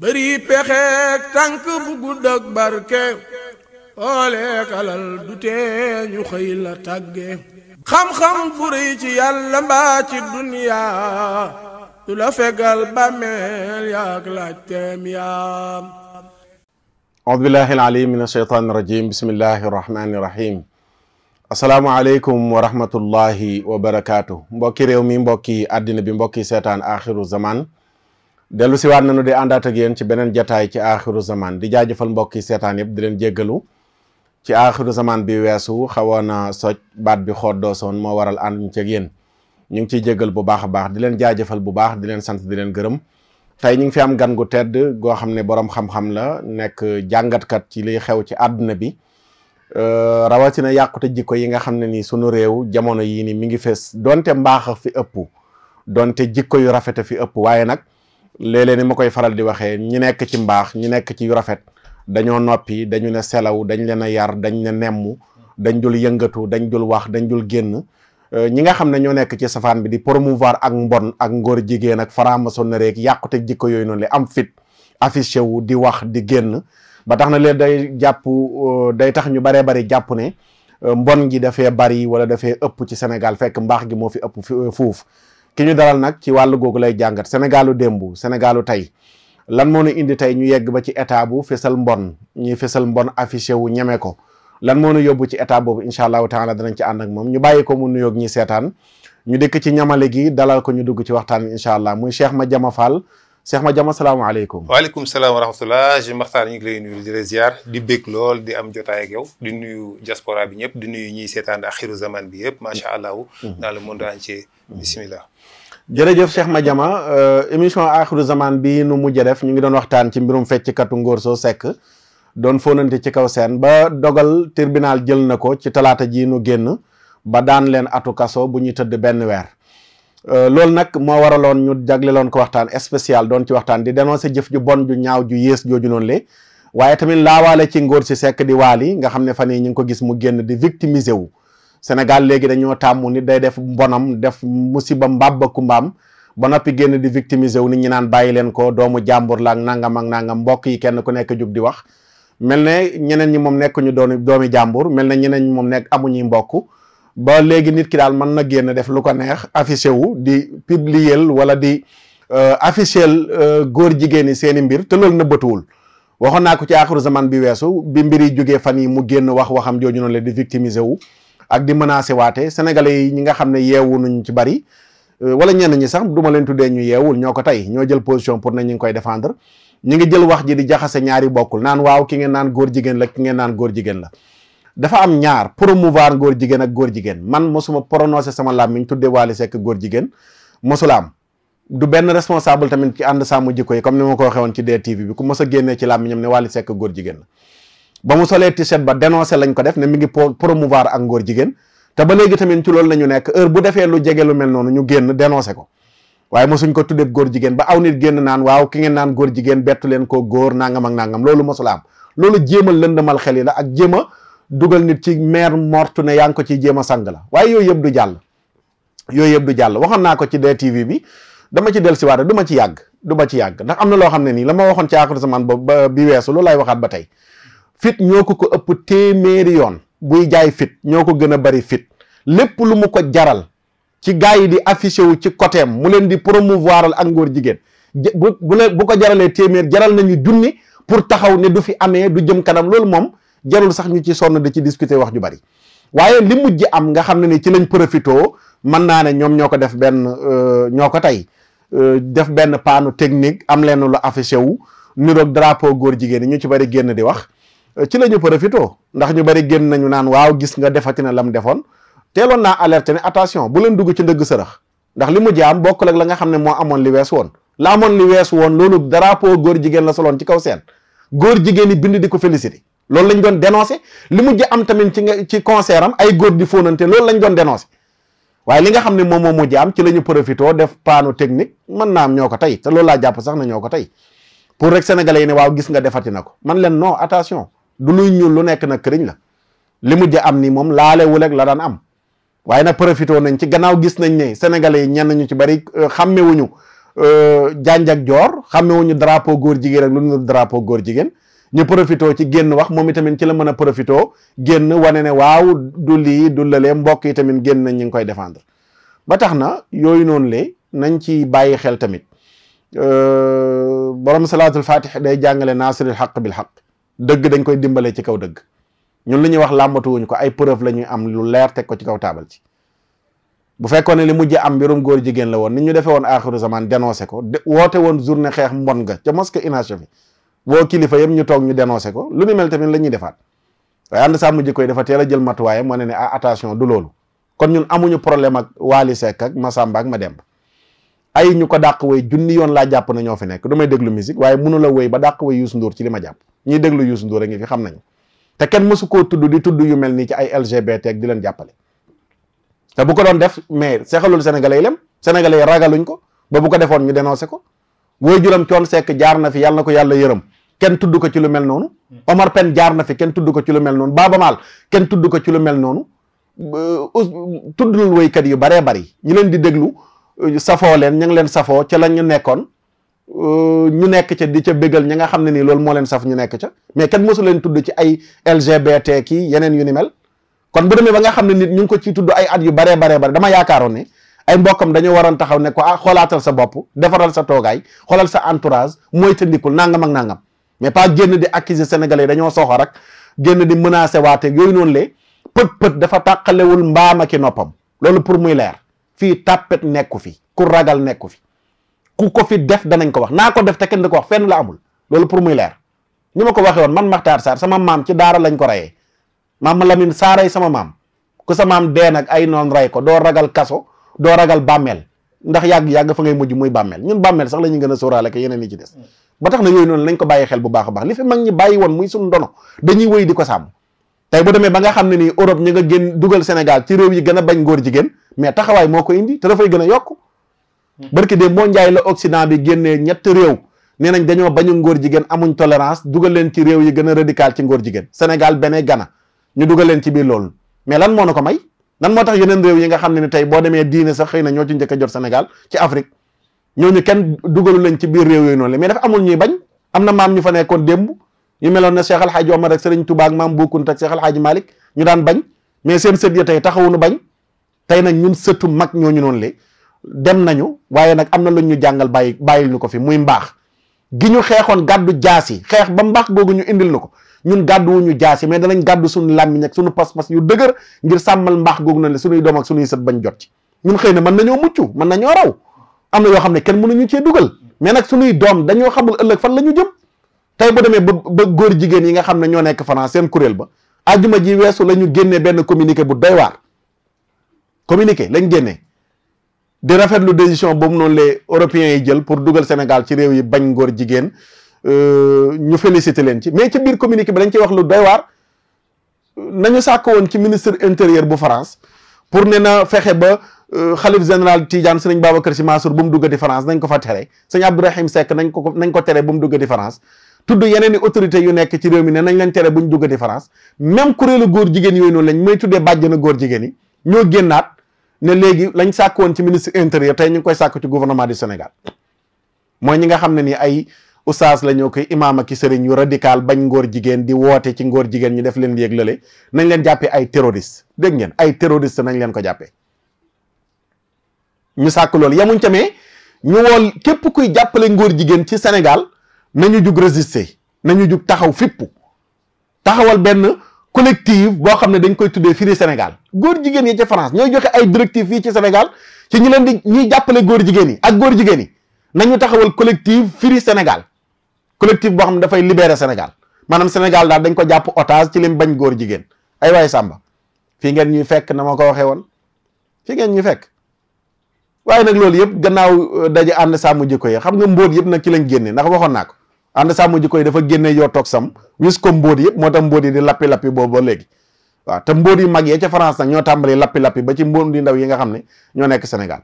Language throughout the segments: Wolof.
bëri pexeek tànk bu gudd ak barke xooleek alal du tee ñu xam-xam bu rëy ci yàlla duniya du la fegal bàmmeel yaak laajteem yaam audu billahi alalim min asheytaan irajim bismillahi irrahmani irrahim asalaamualeykum wa rahmatullahi wa barakaatu mbokki réew mi mbokki àddina bi mbokki seetaan axiru zaman dellu si waat nañu di àndaat ak yéen ci beneen jataay ci aaxiru zaman di jaajafal mbokk yi seetaan yëpp di leen jéggalu ci aaxiru zaman bi weesu xawoon a soj baat bi xoot doosoon moo waral ànduñ ci ak ñu ngi ciy jéggal bu baax a baax di leen jaajëfal bu baax di leen sant di leen gërëm tey ñu ngi fi am gan gu tedd goo xam ne boroom xam-xam la nekk jàngatkat ci liy xew ci àdduna bi rawatina yàqute jikko yi nga xam ne nii sunu réew jamono yii nii mi ngi fees donte mbaax a fi ëpp donte jikko yu rafet fi ëpp waaye nag léeg-léeg ni ma koy faral di waxee ñi nekk ci mbaax ñi nekk ci yu rafet dañoo noppi dañu ne selaw dañ leen a yar dañ ne nemmu dañ jul yëngatu dañ dul wax dañ jul génn euh, ñi nga xam ne ñoo nekk ci safaan bi di promouvoir ak mbon ak ngóor jigéen ak franc-maçonnerie ak yàqute jikko yooyu noonu li am fit affiché wu di wax di génn ba tax na leen day jàpp euh, day tax ñu baree bari jàpp ne euh, mbon gi dafee bari wala dafee ëpp ci Sénégal fekk mbaax gi moo fi ëpp fuuf ki ñu dalal nag ci wàllu googu lay jàngat Sénégalu démb Sénégalu tey lan moo nu indi tey ñu yegg ba ci état bu fesal mbon ñuy fesal mbon affiché wu ñeme ko lan moo nu yóbbu ci état boobu incha allahu taala danañ ci ànd ak moom ñu bàyyi ko mu nuyoog ñi seetaan ñu dëkk ci ñamale gi dalal ko ñu dugg ci waxtaan wi allah muy Cheikh Madiama Fall Cheikh Madiama salaamaaleykum. waaleykum salaam wa rahmatullah je Maxtaar ñu ngi lay nuyu di la ziar di bég lool di am jotaay ak yow di nuyu diaspora bi ñëpp di nuyu ñiy seetaan axiru zaman bi yëpp macha allah. Mm-hmm. dans le monde bisimilah. jërëjëf ma Madiama euh, émission axiru zaman bi nu mujj def ñu ngi doon waxtaan ci mbirum fecckatu Ngor soo Seck doon fóonante ci kaw seen ba dogal tribunal jël na ko ci talaata ji nu génn ba daan leen atu kaso bu ñuy tëdd benn weer. Euh, loolu nag moo waraloon ñu jagleloon ko waxtaan spécial doon ci waxtaan di dénoncé jëf ju bon ju ñaaw ju yées jooju noon le waaye tamit laawaale ci Ngor si sekk di waali nga xam ne fan yii ñu ngi ko gis mu génn di victimiser wu. Sénégal léegi dañoo tàmmu nit day def mbonam def musiba ba kumbaam ba noppi génn di victimiser wu nit ñi naan bàyyi leen ko doomu jàmbur la ak nangam ak nangam mbokk yi kenn ku nekk jug di wax mel ne ñeneen ñi moom nekkuñu ñu doon doomi jàmbur mel ne ñeneen ñi moom nekk amuñuy mbokk ba léegi nit ki daal mën na génn def lu ko neex affiché wu di publier wala di euh, affiché euh, góor jigéen ñi seen i mbir te loolu nëbbatuwul waxoon naa ko ci aaxiru zaman bi weesu bi mbir yi jógee fan yi mu génn wax waxam jooju noonu la di victimiser wu ak di menacer waate sénégalais yi ñi nga xam ne yeewu nañu ci bari euh, wala ñenn ñi sax du ma leen tuddee ñu yeewul ñoo ko tey ñoo jël position pour ne ñu ngi koy défendre ñu ngi jël wax ji di jaxase ñaari bokkul naan waaw ki ngeen naan góor jigéen la ki naan góor jigéen la dafa am ñaar promouvoir góor jigéen ak góor jigéen man mosuma prononcé sama làmmiñ tuddee Wally sekk góor jigéen mosula am du benn responsable tamit ci ànd sàmm jikko yi comme ni ma ko waxee woon ci DTV a génnee ci làmmiñam ne Wally Seck góor jigéen ba mu solee t-shirt ba dénoncé lañ ko def ne mi ngi promouvoir ak ngóor jigéen te ba léegi tamit ci loolu la ñu nekk heure bu defee lu jege lu mel noonu ñu génn dénoncé ko waaye mosuñ ko tuddee góor jigéen ba aw nit génn naan waaw ki ngeen naan góor jigéen bettu leen ko góor nangam ak nangam loolu mosula am loolu jéem a lëndamal xel yi la ak jéema dugal nit ci meer mortu ne yaa ngi ko ci jéem a sang la waaye yooyu yëpp du jàll yooyu yëpp jàll waxoon naa ko ci DTV bi dama ci del si waat ma ci yàgg du ma ci yàgg ndax am na loo xam ne nii la ma waxoon ci àxiru zaman ba bi weesu loolu lay waxaat ba tey fit ñoo ko ko ëpp téeméeri yoon buy jaay fit ñoo ko gën a bari fit lépp lu mu ko jaral ci gars yi di affiché wu ci côté mu leen di promouvoiral ak ngóor jigéen bu bu bu ko jaralee téeméeri jaral nañu junni pour taxaw ne du fi amee du jëm kanam loolu moom jarul sax ñu ci sonn di ci discuter wax ju bari waaye li mujj am nga xam ne ni ci lañ profitoo mën naa ne ñoom ñoo ko def benn euh, ñoo ko tey euh, def benn paanu technique am leen lu affiché wu niroog drapeau góor jigéen ñi ñu ci bari génn di wax ci la ñu profito ndax ñu bari génn nañu naan waaw gis nga defati na lam defoon teeloon naa alerté ne attention bu leen dugg ci ndëgg sërëx ndax li mu jaam bokkul ak la nga xam ne moo amoon li wees woon la li wees woon loolu drapeau góor jigéen la soloon ci kaw seen góor jigéen ñi bind di ko félicité loolu lañ doon dénoncé li mujj am tamit ci nga ci concert am ay góor di fóonante loolu lañ doon dénoncé waaye li nga xam ne moom moo mujj am ci la ñu profito def paanu technique mën naa am ñoo ko tey te loolu laa jàpp sax na ñoo ko tey pour rek sénégalais yi ne waaw gis nga defati na ko man leen noo attention du luy ñuul lu nekk nag këriñ la li mujj am ni moom wu ak la daan am waaye nag profité nañ ci gannaaw gis nañ ne sénégalais yi ñenn ñu ci bari euh, xàmmewuñu euh, janj ak joor xàmmewuñu drapeau góor jigéen ak ñu drapeau góor jigéen ñu profité ci génn wax moom itamit ci la mën a profité génn wane ne waaw du lii du lalee mbokk yi tamit génn nañ ñu ngi koy défendre ba tax na yooyu noonu le nañ ci bàyyi xel tamit euh, borom salaatul fatih day jàngale naasiril xaq bil xaq dëgg dañ koy dimbalee ci kaw dëgg ñun li ñuy wax làmbatuwuñ ko ay preuve la ñuy am lu leer te ko ci kaw taabal ci bu fekkoon ne li mujj am mbirum góor jigéen la woon ni ñu defee woon aaxiru zaman dénoncé ko woote woon journée xeex mbon nga ca mosquée inachevé woo kilifa yëpp ñu toog ñu dénoncé ko lu ni mel tamit la ñuy defaat waaye ànd sàmm jikko koy defa teel a jël matuwaayam wane ne ah attention du loolu kon ñun amuñu problème ak Waly seek ak ma ak Mademba ay ñu ko dàq woy junni yoon laa jàpp na ñoo fi nekk du may déglu musique waaye mënu la woy ba dàq woy Youssou Ndour ci li ma jàpp ñiy déglu Youssou Ndour a ngi fi xam nañu te kenn mësu koo tudd di tudd yu mel nii ci ay LGBT ak di leen jàppale te bu ko doon def mais seexalul sénégalais yi lem sénégalais yi ragaluñ ko ba bu ko defoon ñu dénoncé ko woy juram coon sekk jaar na fi yàlla ko yàlla yërëm kenn tudd ko ci lu mel noonu Omar Pène jaar na fi kenn tudd ko ci lu mel noonu Baaba Maal kenn tudd ko ci lu mel noonu euh, tudd woykat yu baree bari ñi leen di déglu safoo leen ña leen safoo ca lañ ñu nekkoon euh, ñu nekk ca di ca bégal ñi nga xam ne nii loolu moo leen saf ñu nekk ca mais kenn mosu leen tudd ci ay LGBT kii yeneen yu ni mel kon bu demee ba nga xam ne nit ñu ngi ko ciy tudd ay at yu baree baree bare dama yaakaaroon ne ay mbokkam dañoo waroon taxaw ne ko ah xoolaatal sa bopp defaral sa toogaay xoolal sa entourage mooy te ndikul nangam ak nangam mais pas génn di accuser yi dañoo soxor rek génn di menacer waateeg yooyu noonu le pët pët dafa tàqalewul mbaam ak i noppam fii tàppet nekku fi ku ragal nekku fi ku ko fi def danañ ko wax naa ko def te kenn di ko wax fenn la amul loolu pour muy leer ni ma ko waxee woon man Makhtar Sarr sama maam ci daara lañ ko reyee maam Lamine Saaray sama maam ku sa maam dee nag ay noon rey ko doo ragal kaso doo ragal bàmmeel ndax yàgg-yàgg fa ngay mujj muy bàmmeel ñun bàmmeel sax la ñuy gën a sóoraale ko yeneen yi ci des mm. ba tax na yooyu noonu lañ ko bàyyi xel bu baax a baax li fi mag ñi bàyyi woon muy suñ di ko sàmm tey bu demee ba nga xam ne nii Europe ñu nga génn dugal Sénégal ci réew yi gën a bañ ngóor jigéen mais taxawaay moo ko indi te dafay gën a yokk hmm. barki de moo njaay la Occident bi génnee ñett réew nee nañ dañoo bañu ngóor jigéen amuñ tolérance dugal leen ci réew yi gën a radical ci ngóor jigéen Sénégal benee ñu dugal leen ci biir loolu mais lan moo na ko may lan moo tax yeneen réew yi nga xam ne ni tey boo demee diine sax xëy na ñoo ci njëkk a jot Sénégal ci Afrique ñu kenn dugalu leen ci biir réew yooyu noonu la mais dafa amul ñuy bañ am na maam ñu fa nekkoon démb ñu meloon ne Cheikh Alhaaji Omar ak Serigne Touba ak Maam Bokkunta ak Cheikh Alhaaji Malick ñu daan bañ mais seen sët ya tey taxawunu bañ tey nag ñun sëtu mag ñooñu noonu le dem nañu waaye nag am na luñ ñu jàngal bàyyi bàyyil ñu ko fi muy mbaax gi ñu xeexoon gàddu jaas yi xeex ba mbaax googu ñu indil na ko ñun gàddu wuñu jaas yi mais danañ gàddu suñu làmmiñ ak suñu pas-pas yu dëgër ngir sàmmal mbaax googu noonu le suñuy doom ak suñuy sët bañ jot ci ñun xëy na mën nañoo mucc mën nañoo raw am na yoo xam ne kenn mënuñu cee dugal mais nag suñuy doom dañoo xamul ëllëg fan la ñu jëm tey bu demee ba ba góor jigéen yi nga xam ne ñoo nekk France seen kuréel ba ajuma ji weesu la ñu génnee benn communiqué bu doy waar communiqué lañ génnee di rafet rafetlu décision boobu noonu les européens yi jël pour dugal Sénégal ci réew yi bañ góor jigéen euh, ñu félicité leen ci mais ci biir communiqué bi dañ ci wax lu doy waar nañu sàkk woon ci ministre intérieur bu France pour ne na fexe ba euh, xalif général Tidiane sëñ Babacar Sy Mansour bu mu duggati nañ ko fa tere sëñ Abdourahim nañ ko nañ ko tere bu mu duggati France tudd yeneeni i yu nekk ci réew mi ne nañ leen tere buñ duggati France même kuréelu góor jigéen yooyu noonu lañ may tuddee bàjjana góor jigéen yi ñoo génnaat ne léegi lañ sàkk woon ci ministre intérieur tey ñu ngi koy sàkk ci gouvernement du Sénégal mooy ñi nga xam ne ni ay oustaz la koy imaam ak sëriñ yu radical bañ ngóor jigéen di woote ci jigéen ñu def leen yéeg nañ leen jàppee ay terroriste dégg ngeen ay terroriste nañ leen ko jàppee ñu sàkk loolu yamuñ tamee ñu képp kuy jàppale ngóor jigéen ci Sénégal nañu jug résister nañu jug taxaw fippu taxawal benn collectif boo xam ne dañ koy tuddee Free Sénégal góor jigéen yi ca France ñooy joxe ay directive fii ci Sénégal ci ñu leen di ñuy jàppale góor jigéen yi ak góor jigéen yi nañu taxawal collectif Free Sénégal collectif boo xam ne dafay libérer Sénégal maanaam Sénégal daal dañ ko jàpp otage ci leen bañ góor jigéen ay waay Samba fii ngeen ñuy fekk na ma ko waxee woon fii ngeen ñuy fekk waaye nag loolu yëpp gannaaw euh, daje ànd sàmm jikko yi xam nga mbóot yëpp nag ci lañ génne ndax waxoon naa ko ànd sàmm jikko koy dafa génne yoo toog sam wis ko mbóot yëpp moo tax mbóot yi di lappi-lappi boobu ba léegi waaw te mbóot yu mag yee ca France nag ñoo tàmbali lappi-lappi ba ci mbóot yu ndaw yi nga xam ne ñoo nekk Sénégal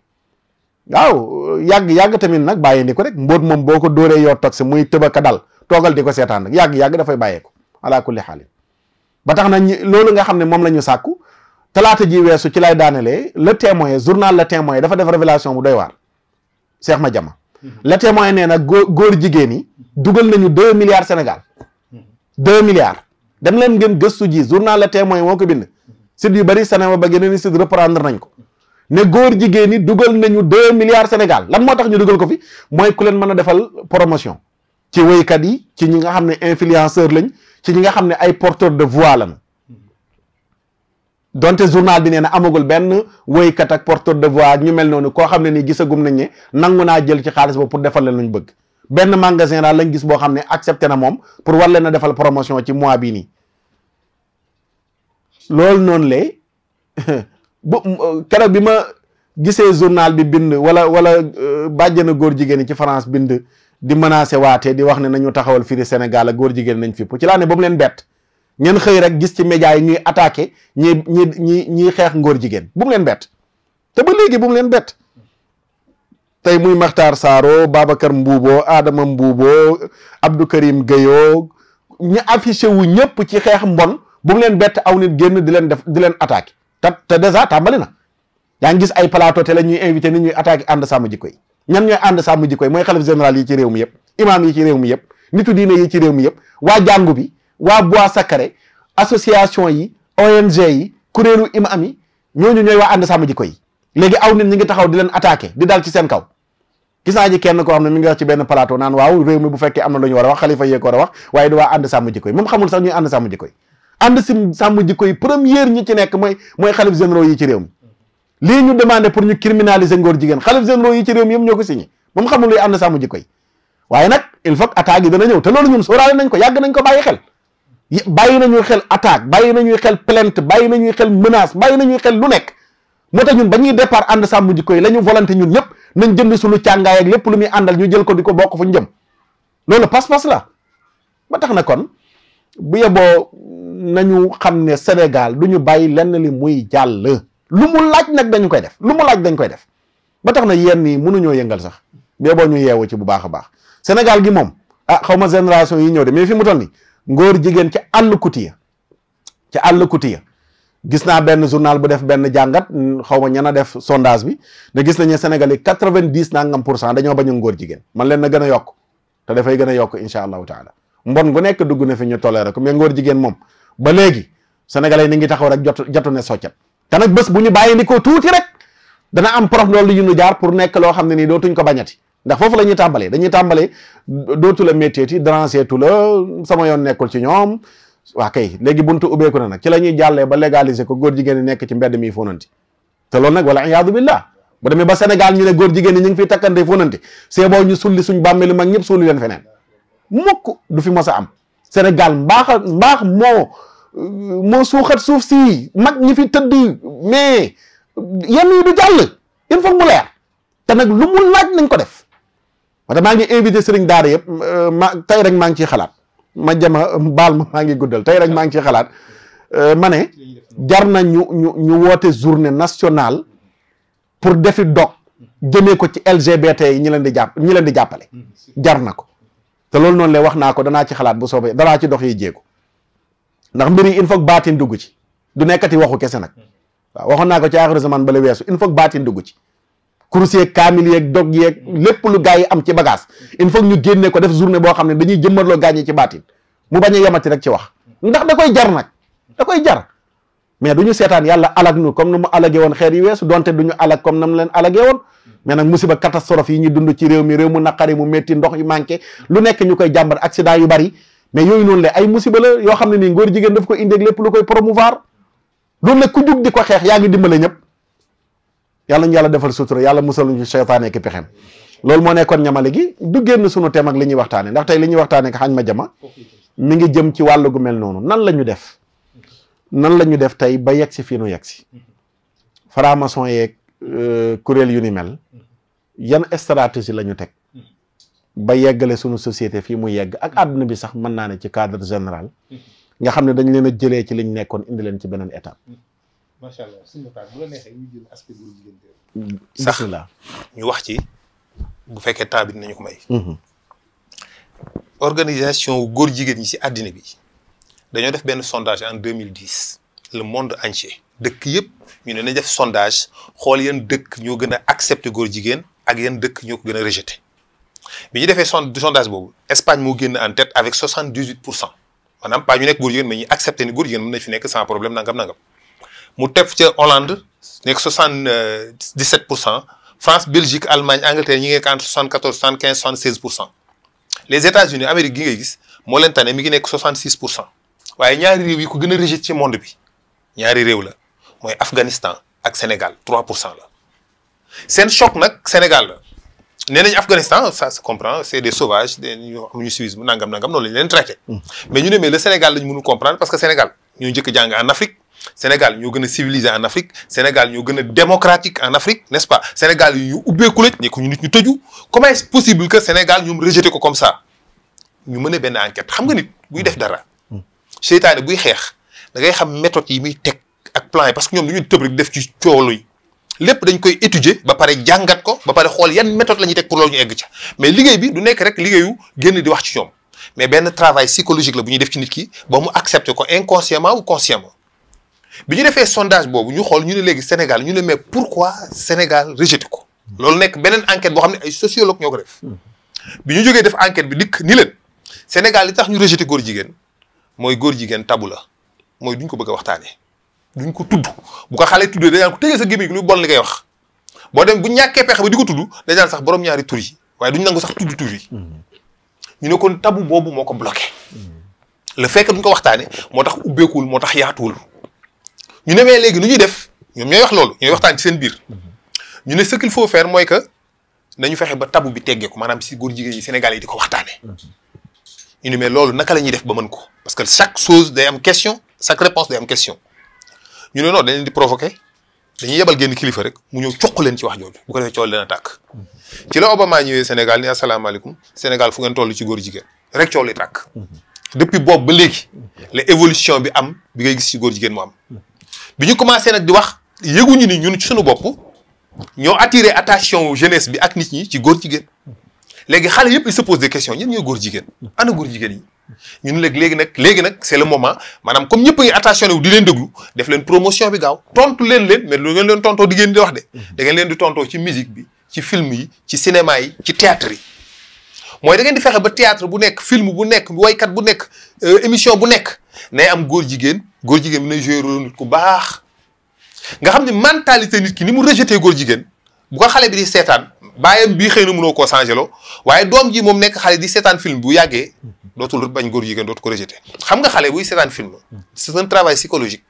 waaw yàgg-yàgg tamit nag bàyyi ni ko rek mbóot moom boo ko dóoree yoo toog si muy ka dal toogal di ko seetaan rek yàgg-yàgg dafay bàyyeeku ala kulli xaalin ba tax na loolu nga xam ne moom la ñu sàkku talaata ji weesu ci lay daanelee le témoin journal le témoin dafa def révélation bu doy waar Cheikh Madiama la témoin nee na góor góor jigéen yi dugal nañu deux milliards Sénégal deux milliards dem leen ngeen gëstu ji journal la témoin moo ko bind site yu bëri Sénégal ba yeneen i site reprendre nañ ko ne góor jigéen yi dugal nañu deux milliards Sénégal lan moo tax ñu dugal ko fi mooy ku leen mën a defal promotion ci woykat yi ci ñi nga xam ne influenceur lañ ci ñi nga xam ne ay porteur de voix lañ donte journal bi nee na amagul benn woykat ak porteur de voix ñu mel noonu koo xam ne nii gisagum nañ ne nangu naa jël ci xaalis boobu pour defal leen luñ bëgg benn magasin daal lañ gis boo xam ne accepté na moom pour war leen defal promotion ci mois bi nii loolu noonu la bu euh, keroog bi ma gisee journal bi bind wala wala euh, bàjjana goor jigéen ñi ci France bind di menacé waatee di wax ne nañu taxawal firi Sénégal ak góor jigéen nañ fipp ci laa ne ba mu leen bett ngeen xëy rek gis ci médias yi ñuy attaque ñi ñi ñi ñiy xeex ngoor jigéen bu mu leen bett te ba léegi bu mu leen bett tey muy Makhtar Saaro Babacar Mbuubo Adama Mbuubo Abdou Karim Guèyeo ñu affiché wu ñëpp ci xeex mbon bu mu leen bett aw nit génn di leen def di leen attaqué te te dèjà tàmbali na yaa ngi gis ay plateau te la ñuy invité nit ñuy attaqué ànd sàmm jikko yi ñan ñooy ànd sàmm jikko yi mooy xalif général yi ci réew mi yëpp imaam yi ci réew mi yëpp nitu diine yi ci réew mi yëpp waa jàngu bi waa bois sacré association yi ONG yi kuréelu imam yi ñooñu ñooy waa ànd sàmm jikko yi léegi aw nit ñi ngi taxaw di leen attaqué di daal ci seen kaw gis naa ji kenn koo xam ne mi ngi wax ci benn plateau naan a a wax waaye du waa ànd jikko yi moom sax ñuy jikko yi première ñi ci nekk mooy mooy xalif généraux yi ci réew mi lii ñu demandé pour ñu criminaliser ngóor jigéen xalif généraux yi ci réew mi yëpp ñoo ko signé moom xamul luy ànd sàmm jikko yi waaye nag il faut attaque dana ñëw te loolu ñun sóoraale nañ ko yàgg nañ ko bàyyi xel bàyyi nañuy xel attaque bàyyi nañuy xel plainte bàyyi nañuy xel menace bàyyi nañuy xel lu nekk moo tax ñun ba ñuy départ ànd sàmm jikko yi la ñu ñun ñëpp nañ jënd suñu càngaay ak lépp lu muy àndal ñu jël ko di ko bokk fu ñu jëm loolu pas-pas la ba tax na kon bu yeboo nañu xam ne Sénégal du ñu bàyyi lenn li muy jàll lu mu laaj nag dañu koy def lu mu laaj dañ koy def ba tax na yéen nii mënuñoo yëngal sax bu yeboo ñu yeewu ci bu baax a baax Sénégal gi moom ah xaw ma génération yi ñëw de fi mu toll nii ngóor jigéen ca àll kutiya ca àll kutiya gis naa benn journal bu def benn jàngat xaw ma ñan a def sondage bi ne gis nañu Sénégal yi quatre vingt dix nangam pour cent dañoo bañ a ngóor jigéen man leen na gën a yokk te dafay gën a yokk incha allah taala mbon gu nekk dugg na fi ñu toléré ko mais ngoor jigéen moom ba léegi sénégalais ni ngi taxaw rek jot jotu ne soccet te nag bés bu ñu bàyyi ni ko tuuti rek dana am prof loolu yu ñu jaar pour nekk loo xam ne nii dootuñ ko bañati ndax foofu la ñuy tàmbalee dañuy tàmbalee dootu la métteeti dranseetu la sama yoon nekkul ci ñoom waa kay léegi buntu ubbeeku na ci la ñuy jàllee ba légaliser ko góor jigéen ñi nekk ci mbedd mi fonanti te lool nag wala iyaadu billah bu demee ba Sénégal ñu ne góor jigéen ñi ñu ngi fiy takkante fonanti c'est bon ñu sulli suñ bàmmeelu mag ñëpp suuli leen feneen mukk du fi mos a am Sénégal mbaax a mbaax moo moo suuxat suuf si mag ñi fi tëdd mais yenn yi du jàll il faut te nag lu mu laaj nañ ko def parce maa ngi invité sëriñ daara yëpp euh, ma tey rek maa ngi ciy xalaat ma jama baal ma maa ngi guddal tey rek maa ngi ciy xalaat euh, ma ne jar na ñu ñu woote journée nationale pour defi dog jëmee ko ci LGBT yi ñi leen di jàpp ñi leen di jàppale jar na ko te loolu noon la wax naa ko danaa ci xalaat bu soobee danaa ci dox yi jéego ndax mbir in il faut baatin dugg ci du nekkati waxu kese nag waaw waxoon naa ko ci aaxiru zaman bala weesu il faut baatin dugg ci course yeeg kaamil yeeg dog yeeg lépp lu gars yi am ci bagage il faut ñu génne ko def journée boo xam ne dañuy jëmmaloo gaañ ci baatin mu bañ a yemati rek ci wax ndax da koy jar nag da koy jar mais du seetaan yàlla alag nu comme nu mu alage woon xeer yi weesu donte du ñu alag comme na mu leen alage woon mais musiba catastrophe yi ñu dund ci réew mi réew mu naqari mu métti ndox yu lu nekk ñu koy jàmbat accident yu bari mais yooyu noonu la ay musiba la ne nii ngóor jigéen daf yaa ngi dimbale ñëpp yàlla ñu yàlla defal sutura yàlla musaluñu seytaane ki pexem loolu moo nekkoon ñamale gi du génn sunu thème ak li ñuy waxtaane ndax tey li ñuy waxtaane xañ ma jama mi ngi jëm ci wàll gu mel noonu nan la ñu def nan la ñu def tey ba yegg si fii nu yegg si franc-maçon yeeg euh, kuréel yu ni mel yan stratégie la ñu teg ba yeggale sunu société fii mu yegg ak àdduna bi sax mën naa ne ci cadre général nga xam ne dañu leen a jëlee ci liñ nekkoon indi leen ci beneen étape macha allah suñu mataar ñu wax ci bu fekkee temps bi dinañu ko may. Mhm. organisation góor jigéen ñi ci àddina bi dañoo def benn sondage en 2010 le monde entier dëkk yëpp ñu ne nañ def sondage xool yan dëkk ñoo gën a accepter góor ak yan dëkk ñoo ko gën a rejeter bi ñu defee sondage boobu Espagne moo génn en tête avec 78 pour cent maanaam pas ñu nekk góor jigéen mais ñu accepter ni góor jigéen mën na fi nekk sans problème nangam nangam. mu tef ca Hollande nekk soixante dix sept pour cent France Belgique Allemagne Angleterre ñi ngi nekk entre soixante quatorze soixante quinze soixante seize pour cent les États-Unis Amérique gi ngay gis moo leen tane mi ngi nekk soixante six pour cent waaye ñaari réew yi ko gën a rejet ci monde bi ñaari réew la mooy Afghanistan ak Sénégal trois pour cent la seen choc nag Sénégal la nee nañ Afghanistan ça se comprend c'est des sauvages des ñu amuñu civisme nangam nangam noonu la ñu leen traité mm. mais ñu parce que Sénégal ñoo njëkk jàng en Afrique Sénégal ñoo gën a civilisé en Afrique Sénégal ñoo gën a démocratique en Afrique n'est-ce pas ñu ubbeeku lañ nekk ñu nit ñu tëju comment est-ce possible que Sénégal ñoom rejeté ko comme ça ñu mën benn enquête xam nga nit buy def dara. Hmm. seytaane buy xeex da ngay xam méthode yi muy teg ak plan yi parce que ñoom dañuy tëb rek def ci coolo yi lépp dañ koy étudier ba pare jàngat ko ba pare xool yan méthode la ñuy teg pour loolu ñu egg ca mais liggéey bi du nekk rek liggéeyu génn di wax ci mais benn travail psychologique la bu ñuy def ci nit ki ba mu accepter ko inconsciemment ou consciemment. bi ñu defee sondage boobu ñu xool ñu ne léegi Sénégal ñu ne mais pourquoi Sénégal rejeté ko. loolu nekk beneen enquête boo xam ne ay sociologue ñoo ko def. bi ñu jógee def enquête bi dikk ni leen Sénégal li tax ñu rejeté góor jigéen mooy góor jigéen tabu la mooy duñ ko bëgg a waxtaanee duñ ko tudd bu ko xale tuddee dañaan ko tëjee sa gémmiñ lu bon li ngay wax boo dem bu ñàkkee pexe bi di ko tudd dañaan sax borom ñaari tur waaye duñ nangu sax tudd tur yi. ñu ne kon tabu boobu moo ko bloqué. le fekk que duñ ko waxtaanee moo tax ubbeekuwul moo tax yaatuwul. ñu ne mais léegi nu ñuy def ñoom ñooy wax loolu ñooy waxtaan ci seen biir mhm. ñu ne ce qu'il faut mooy que nañu fexe ba tabu bi teggee ko maanaam si góor jigéen ñi Sénégal yi di ko waxtaanee mhm. ñu ne mais loolu naka la ñuy def ba mën ko parce que chaque chose day am question chaque réponse day am question ñu ne non dañ leen di provoquer dañuy yebal génn kilifa rek mu ñëw cuq leen ci wax jooju bu ko defee coow leen a tàkk mhm. ci la Obama ñëwee Sénégal ni asalaamaaleykum Sénégal fu ngeen toll ci góor jigéen rek coow li tàkk depuis boobu ba léegi la évolution bi am bi ngay gis ci góor jigéen mu am bi ñu commencé nag di wax yëguñu ni ñun ci suñu bopp ñoo attiré attention jeunesse bi ak nit ñi ci góor jigéen léegi xale yëpp il se pose des questions ñen ñooy góor jigéen ana góor jigéen yi ñun léegi léegi nag léegi nag c'est le moment maanaam comme ñëpp a ngi attentionné wu di leen déglu def leen promotion bi gaaw tontu leen leen mais lu ngeen leen tontoo di ngeen di wax de da leen di tontoo ci musique bi ci film yi ci cinéma yi ci théâtre yi mooy da ngeen di fexe ba théâtre bu nekk film bu nekk woykat bu nekk euh, émission bu nekk nay am góor jigéen góor jigéen bi nay ku baax nga xam ne mentalité nit ki ni mu rejeté góor jigéen bu ko xale bi di seetaan bàyyam bii xëy na mënoo koo changé waaye doom ji moom nekk xale di seetaan film bu yàggee dootul bañ góor jigéen dootu ko rejeté xam nga xale buy seetaan film c'est un travail psychologique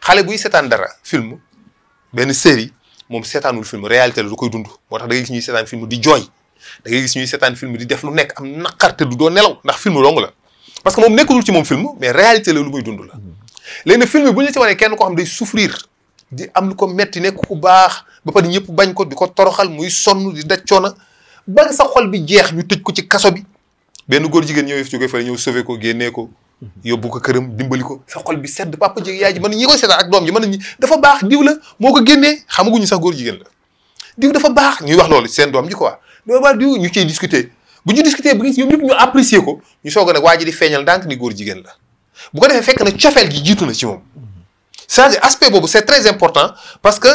xale buy seetaan dara film benn série moom seetaanul film réalité la du koy dund moo tax da ngay gis ñuy seetaan film di jooy da ngay gis ñuy seetaan film di def lu nekk am naqar te du doo nelaw ndax film dong la parce que moom nekkatul ci moom film mais réalité la lu muy dund la mm-hmm. léegi nag film bi bu ñu la ci wanee kenn koo xam day am lu ko metti nekk ku baax ba pare ñëpp bañ ko di ko toroxal muy sonn di daj coono ba sa xol bi jeex ñu tëj ko ci kaso bi benn góor jigéen ñëw yëf jóge fële ñëw sauvé ko génnee ko mm-hmm. yóbbu ko këram dimbali ko sa xol bi sedd papa ji yaay ji mën ñi koy seetaan ak doom ji mën ñi dafa baax diw la moo ko génnee xamaguñu sax góor jigéen la diw dafa baax ñuy wax loolu seen doom ji quoi doo baal diw ñu ciy discuter bu ñu discuter bu gis ñoom ñëpp ñu apprécier ko ñu soog a nag waa ji di feeñal ndànk ni góor jigéen la bu ko defee fekk na cofeel gi jiitu na ci moom c'est aspect boobu c'est très important parce que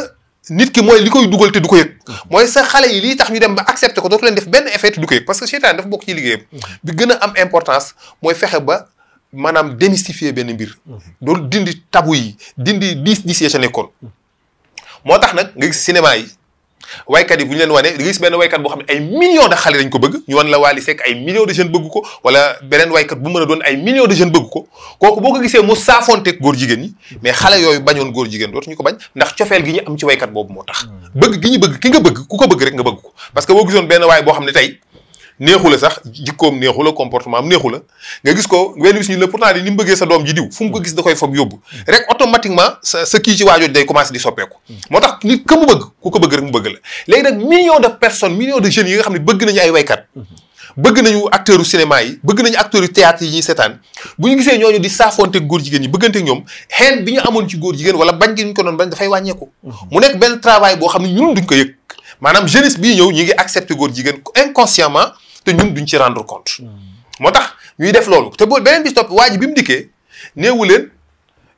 nit ki mooy li koy dugal te du ko yëg mooy sa xale yi lii tax ñu dem ba accepté ko dootu leen def benn effet te du ko yëg parce que seytaane dafa bokk ci liggéeyam bi gën a am importance mooy fexe ba maanaam démystifier benn mbir doolu dindi tabu yi dindi diis diis ya ca moo tax nag nga gis cinéma yi waykat yi bu ñu leen wanee gis benn waykat boo xam ne ay millions de xale dañ ko bëgg ñu wan la Wally ay millions de jeunes bëgg ko wala beneen waykat bu mën a doon ay millions de jeunes bëgg ko kooku boo ko gisee mu saafonteeg góor jigéen ñi mais xale yooyu bañoon góor jigéen dootuñu ko bañ ndax cofeel gi ñu am ci waykat boobu moo tax hmm. bëgg gi ñu bëgg ki nga bëgg ku ko bëgg rek nga bëgg ko parce que boo gisoon benn waay boo xam ne tey neexu sax jikkoom neexu la comportement am la nga gis ko benn bis ñu la ni mu bëggee sa doom ji diw fu mu ko gis da koy fob yóbbu rek automatiquement sa sa kii ci waajooj day commencé di soppeeku moo tax nit ka mu bëgg ku ko bëgg rek mu bëgg la léegi nag millions de personnes millions de jeunes yi nga xam ne bëgg nañu ay waykat bëgg nañu acteurs yu cinéma yi bëgg nañu acteurs yu théâtre yi ñuy seetaan bu ñu gisee ñooñu di saafoonte góor jigéen ñi bëggante ñoom xeen bi ñu amoon ci góor jigéen wala bañ gi ko doon bañ dafay wàññeeku mu nekk boo xam ne ñun duñ ko yëg maanaam jeunesse bii ñëw ñi ngi accepté góor jigéen te ñun duñ ci rendre compte. Hmm. moo tax ñuy def loolu te boo beneen bi topp waa ji bi mu dikkee néewu leen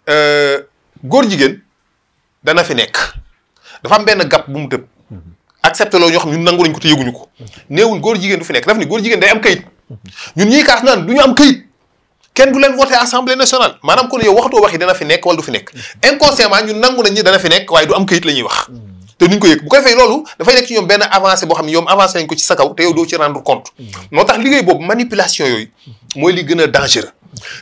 euh, góor jigéen dana fi nekk dafa am benn gàpp bu mu tëb. Hmm. accepté loolu ñoo xam ñun nangu nañ ko te yëguñu ko néewul góor jigéen du fi nekk daf ni góor jigéen day am kayit hmm. ñun ñuy kaas naan du ñu am kayit kenn du leen voté assemblée nationale ko kon yow waxtoo wax yi dana fi nekk wala du fi nekk inconsciemment ñun nangu nañ ñi dana fi nekk waaye du am kayit la ñuy wax. te nuñ ko yëg bu ko defee loolu dafay nekk ci ñoom benn avancé boo xam ne ñoom avancé nañ ko ci sa kaw te yow doo ci rendre compte mm-hmm. moo tax liggéey boobu manipulation yooyu mm-hmm. mooy li gën a dangereux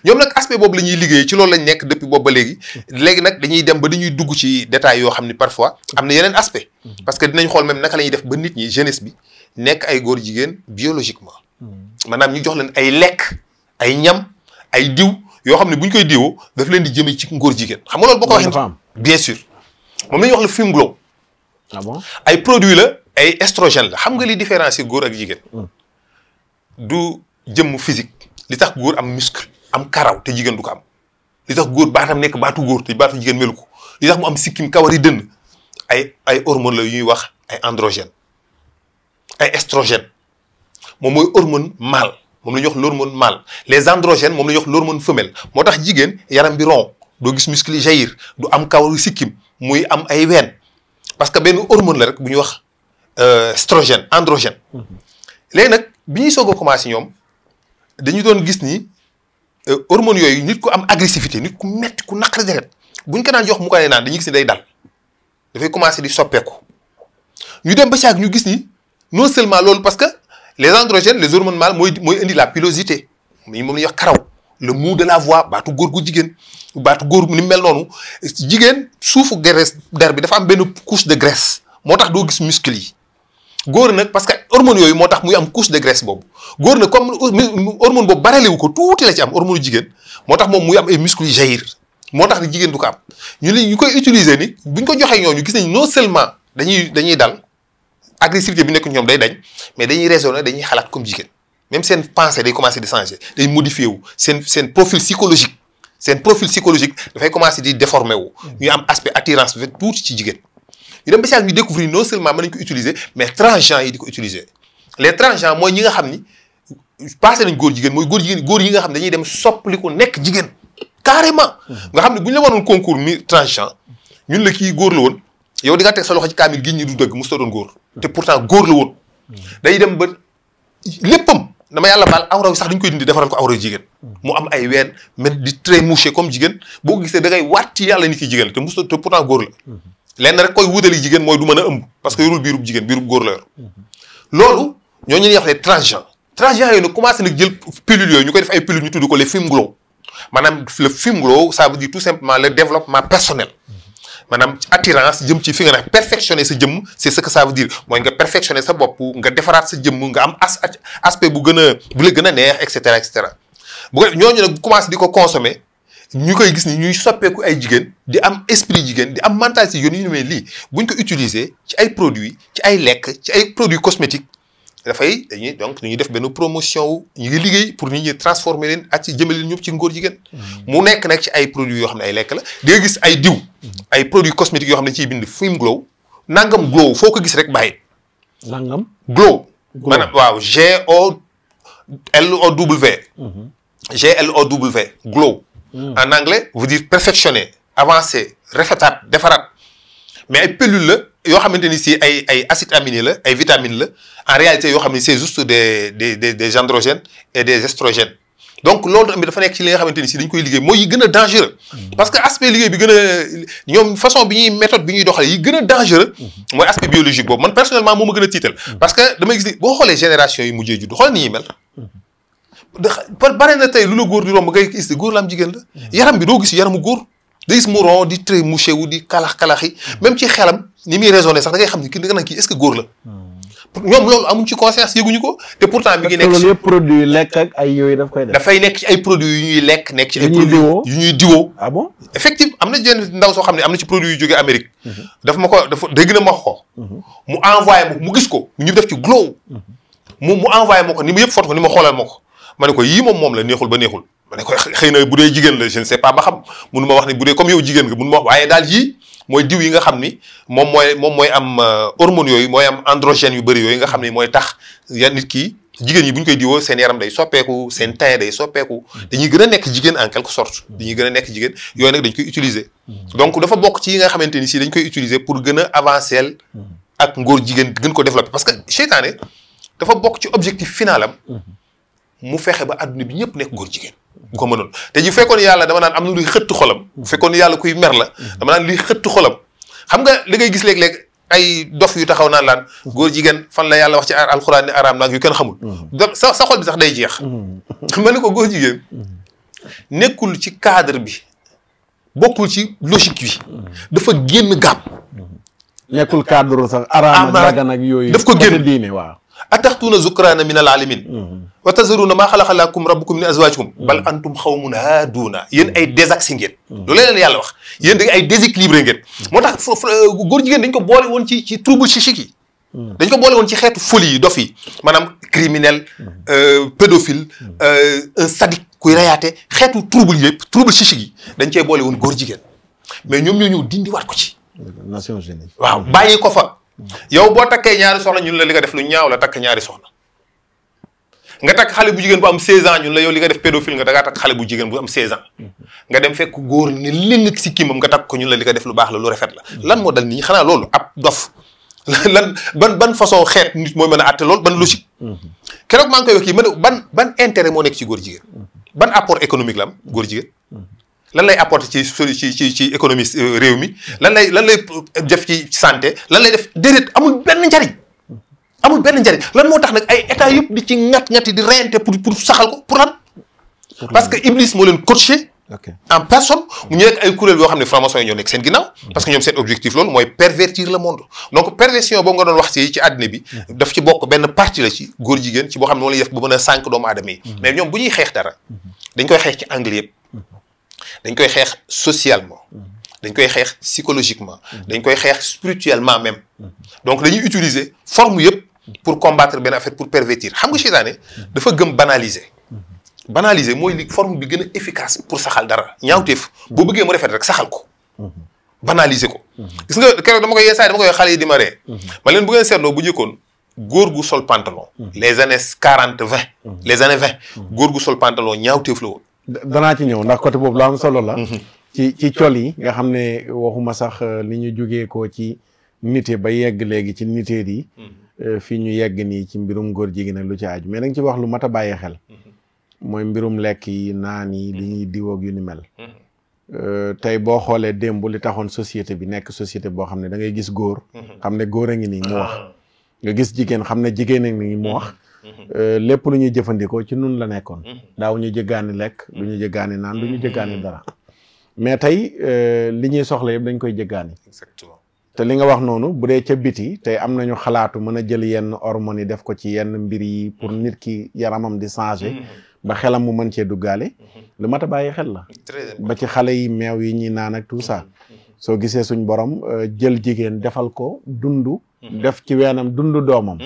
ñoom nag aspect boobu la ñuy liggéey ci loolu lañ nekk depuis boobu ba léegi mm-hmm. léegi nag dañuy dem ba dañuy dugg ci détails yoo xam ne parfois am na yeneen aspect parce que dinañ xool même naka la ñuy def ba nit ñi jeunesse bi nekk ay góor jigéen biologiquement maanaam ñu jox leen ay lekk ay ñam ay diw yoo xam ne bu koy diwoo daf leen di jëmee ci ngóor jigéen xam nga loolu boo ko waxee bien sûr moom la ñuy wax le film glow ah bon ay produits la ay estrogène la xam nga li différencier góor ak jigéen. Hmm. du jëmm physique. li tax góor am muscle am karaw te jigéen du ko am li tax góor baatam nekk baatu góor te baatu jigéen melu ko li tax mu am sikkim kawari dënn ay ay hormones la ñuy wax ay androgène ay estrogène moom mooy hormone mâle moom la ñuy wax l'hormone mâle les androgènes moom la ñuy wax l'hormone femelle moo tax jigéen yaram bi rond doo gis muscle yi du am kawaru sikkim muy am ay wen parce que benn hormone la rek bu ñuy wax euh, estrogène androgène. léegi nag bi ñuy soog a commencé ñoom dañu doon gis ni euh, hormones yooyu nit ku am agressivité nit ku metti ku naqari deret bu ñu ko daan jox mu ko nee naan dañuy gis ni day dal dafay commencé di soppeeku ñu dem ba si ñu gis ni non seulement loolu parce que les androgènes les hormones mâles mooy mooy indi la pilosité moom la ñuy wax karaw. le mou de la voix baatu góor gu jigéen baatu góor ni mel noonu jigéen suufu graisse der bi dafa am benn couche de graisse moo tax doo gis muscle yi góor na parce que hormones yooyu moo tax muy am couche de graisse boobu góor nag comme hormone boobu barelewu ko tuuti la ci am hormone jigéen moo tax moom muy am ay muscles yu moo tax ni jigéen du ko am ñu li ñu koy utiliser ni buñ ko joxee ñu gis nañ non seulement dañuy dañuy dal agressivité bi nekk ñoom day dañ mais dañuy raisonner dañuy xalaat comme jigéen même seen pensée day commencé di changer day modifié wu seen seen profil psychologique seen profil psychologique dafay commencé di déformé wu. ñu am aspect attirance bi tuuti ci jigéen. ñu dem ba si ñu découvrir non seulement mën nañ ko utiliser mais transgenre yi di ko utiliser les transgenres mooy ñi nga xam ni passé nañ góor jigéen mooy góor jigéen góor yi nga xam dañuy dem soppaliku nekk jigéen carrément. nga xam ne bu ñu la waroon concours mi transgenre ñun la kii góor la woon yow di nga teg sa loxo ci kaamil gi ñu du dëgg mosut a doon góor. te pourtant góor la day dem ba léppam. dama yàlla baal awraw yi sax dañ koy dindi defaral ko awraw jigéen mu am ay ween mais di très mouché comme jigéen boo ko gisee da ngay waat ci yàlla ni ki jigéen la te musta te pourtant góor la mhm. lenn rek koy wutali jigéen mooy du mën a ëmb parce que yorul biirub jigéen biirub góor la yor mhm. loolu ñoo ñuy wax ne transgenre transgenre yooyu nag commencé nag jël pilule yooyu ñu koy def ay pilule ñu tudd ko les film glow maanaam le film glow ça veut maanaam attirance jëm ci fi nga ne perfectionner sa jëmm c'est ce que ça veut dire mooy nga perfectionner sa bopp nga defaraat sa jëmm nga am as aspect bu gën a bu la gën a neex et cetera et cetera bu ko ñooñu bu commencé di ko consommer ñu koy gis ni ñuy soppeeku ay jigéen di am esprit jigéen di am mentalité yoon yu ñu mel lii buñ ko utiliser ci ay produit ci ay lekk ci ay produits cosmétiques dafay dañuy donc ñu ngi def benn promotion wu ñu ngi liggéey pour nit ñi transformer leen ak ci jëmale leen ñëpp ci ngóor jigéen mm. mu nekk nag ci ay produit yoo xam ne ay lekk la di gis ay diw mm. ay produits cosmétiques yoo xam ne ciy bind film glow nangam glow foo ko gis rek bàyyi nangam glow maanaam waaw G O L O W G mm-hmm. L O W glow mm. en anglais veut dire perfectionner avancer rafetaat defaraat mais ay pellule la yoo xamante ni si ay ay acides aminés la ay vitamines la en réalité yoo xam ne c'est juste des des des et des estrogènes donc loolu tamit dafa nekk ci li nga xamante ni si dañ koy liggéey mooy yi gën a dangereux. Mm-hmm. parce que aspect liggéey bi gën a ñoom façon bi ñuy méthode bi ñuy doxalee yi gën a dangereux. Mm-hmm. mooy aspect biologique boobu man personnellement moo ma gën a tiital. Mm-hmm. parce que damay gis ni boo xoolee génération yi mujjee judd xool ni ñuy mel. bare na tey lu la góor di romb ngay gis góor la am jigéen la. bi doo gis yaramu góor. da gis mu ron di très mouché wu di xelam ni muy raisonné sax da ngay xam ki nga naan kii est-ce que góor la hmm. ñoom loolu amuñ ci conscience yëguñu ko te pourtant mi ngi nekk loolu yëpp produit lekk koy def dafay nekk ci ay produits yu ñuy lekk nekk ci ay produits yu ñuy diwoo ah bon effectivement am na jenn ndaw soo xam ne am na ci produit yu jógee Amérique mhm. dafa ma ko dafa dégg na ma ko mhm. mu envoyé ma mu gis ko ñu def ci glow moom mu envoyé ma ko ni ma yëpp foto ko ni ma xoolal ma ko ma ne ko yii moom moom la neexul ba neexul ma ne ko xëy na bu dee jigéen la je ne sais pas ba xam munu ma wax ni bu dee comme yow jigéen nga munu ma wax waaye daal yii mooy diw yi nga xam ni moom mooy moom mooy am euh, hormones yooyu mooy am androgènes yu bëri yooyu nga xam ni mooy tax ya nit ki jigéen ñi bu ñu koy diwoo seen yaram day soppeeku seen teint day soppeeku dañuy gën a nekk jigéen en quelque sorte dañuy gën a nekk jigéen yooyu nag dañ koy utiliser donc dafa bokk ci yi nga xamante ni sii dañ koy utiliser pour gën a avancer ak ngóor jigéen gën ko développer parce que seytaane dafa bokk ci objectif final mu fexe ba adduna bi ñëpp nekk góor jigéen bu ko mënoon te ji fekkoon yàlla dama naan am na luy xëttu xolam bu fekkoon yàlla kuy mer la dama naan luy xëttu xolam xam nga li ngay gis léeg-léeg ay dof yu taxaw naa laan góor jigéen fan la yàlla wax ci alxuraan ni araam yu kenn xamul sa sa xol bi sax day jeex ma ne ko góor jigéen nekkul ci cadre bi bokkul ci logique bi dafa génn gàpp nekkul cadre sax araam dagan ak yooyu daf ko génn diine ataxtuuna zukraana min alalamin wa tazaruuna maa xalaqa lakum rabbukum min azwaajikum bal antum xawmun haaduuna yéen ay désaxé ngeen loolu leen yàlla wax yéen da ay déséquilibré ngeen moo tax euh, góor dañ ko boole woon ci ci trouble chichique yi dañ ko ci xeetu folie yi dof yi maanaam criminel euh, pédophile euh, un sadique kuy rayaate xeetu trouble yëpp trouble chichique yi dañ cee boole woon góor jigéen mais ñoom ñoo ñëw dindiwaat ko ci waaw bàyyi ko yow boo takkee ñaari soxna ñun la li nga def lu ñaaw la takk ñaari soxna nga takk xale bu jigéen bu am 16 ans ñun la yow li nga def pédophile nga da ngaa takk xale bu jigéen bu am 16 mm-hmm. nga dem fekk góor li lëng si kiimam nga takk ko ñun la li ko def lu baax la lu rafet la mm-hmm. lan moo dal nit ñi xanaa loolu ab dof lan ban ban façon xeet nit mooy mën a àtte loolu ban logique mm-hmm. keroog maa ngi koy wax ban ban intérêt moo nekk ci góor jigéen ban apport économique la am góor jigéen lan lay apporter ci ci ci ci économie euh, réew mi lan lay lan lay def ci santé lan lay def déedéet amul benn njariñ amul benn njariñ lan moo tax nag ay état yëpp di ci ŋat-ŋati di reyante pour pour saxal ko pour lan parce que Iblis moo leen coaché en personne mm. mu ñu nekk ay kuréel yoo xam ne franc yi ñoo nekk seen ginnaaw mm. parce que ñoom seen objectif loolu mooy pervertir le monde donc perversion boo nga doon wax ci ci àddina bi mm. daf ci bokk benn partie la ci góor jigéen ci boo xam ne moo lay def bu mën a sànq doomu aadama yi mais ñoom mm-hmm. dañ koy xeex ci anglais yëpp mm-hmm. dañ koy xeex socialement dañ koy xeex psychologiquement mm-hmm. dañ koy xeex spirituellement même mm-hmm. donc dañuy utiliser form yëpp pour combattre benn affaire pour pervertir xam nga mm-hmm. seytaane dafa gëm banaliser banaliser mooy li forme bi gën a efficace pour saxal dara ñaawteef boo bëggee mu rafet rek saxal ko banaliser ko gis nga keroog dama koy yeesaay dama koy xale yi di ma ree ma leen bu bu njëkkoon góor gu sol pantalon les années quarante vingt les anne vingt góor gu sol pantalon ñaawteef la woon danaa ci ñëw ndax côté boobu lu am solo la. Mhm. ci ci col yi nga xam ne waxuma sax euh, ni ñu jógee ko ci nite ba yegg léegi ci niteer mhm. euh, yi. fii ñu yegg nii ci mbirum góor jigéena lu ci aju mais da ci wax lu mat a bàyyi xel. Mhm. mooy mbirum lekk yi naan yi li ñuy diw ak ni mel. Euh, tey boo xoolee démb li taxoon société bi nekk société boo xam ne da ngay gis góor. xam ne góor a ngi nii mu wax. Ah. nga gis jigéen xam ne jigéen a ngi mu wax. Mm-hmm. Euh, lépp lu ñuy jëfandikoo ci nun la nekkoon mm-hmm. daaw ñu jëggaani lekk mm-hmm. du ñu jëggaani naan du ñu jëggaani dara mais tey euh, li ñuy soxla yëpp dañ koy jëggaani te li nga wax noonu bu dee ca biti tey am na ñu xalaatu mën a jël yenn hormones yi def ko ci yenn mbir yi pour nit ki yaramam di changé ba xelam mu mën cee duggaale lu mat a xel la ba ci xale yi meew yi ñuy naan ak tout sax soo gisee suñ borom euh, jël jigéen defal ko dund def ci weenam dund doomam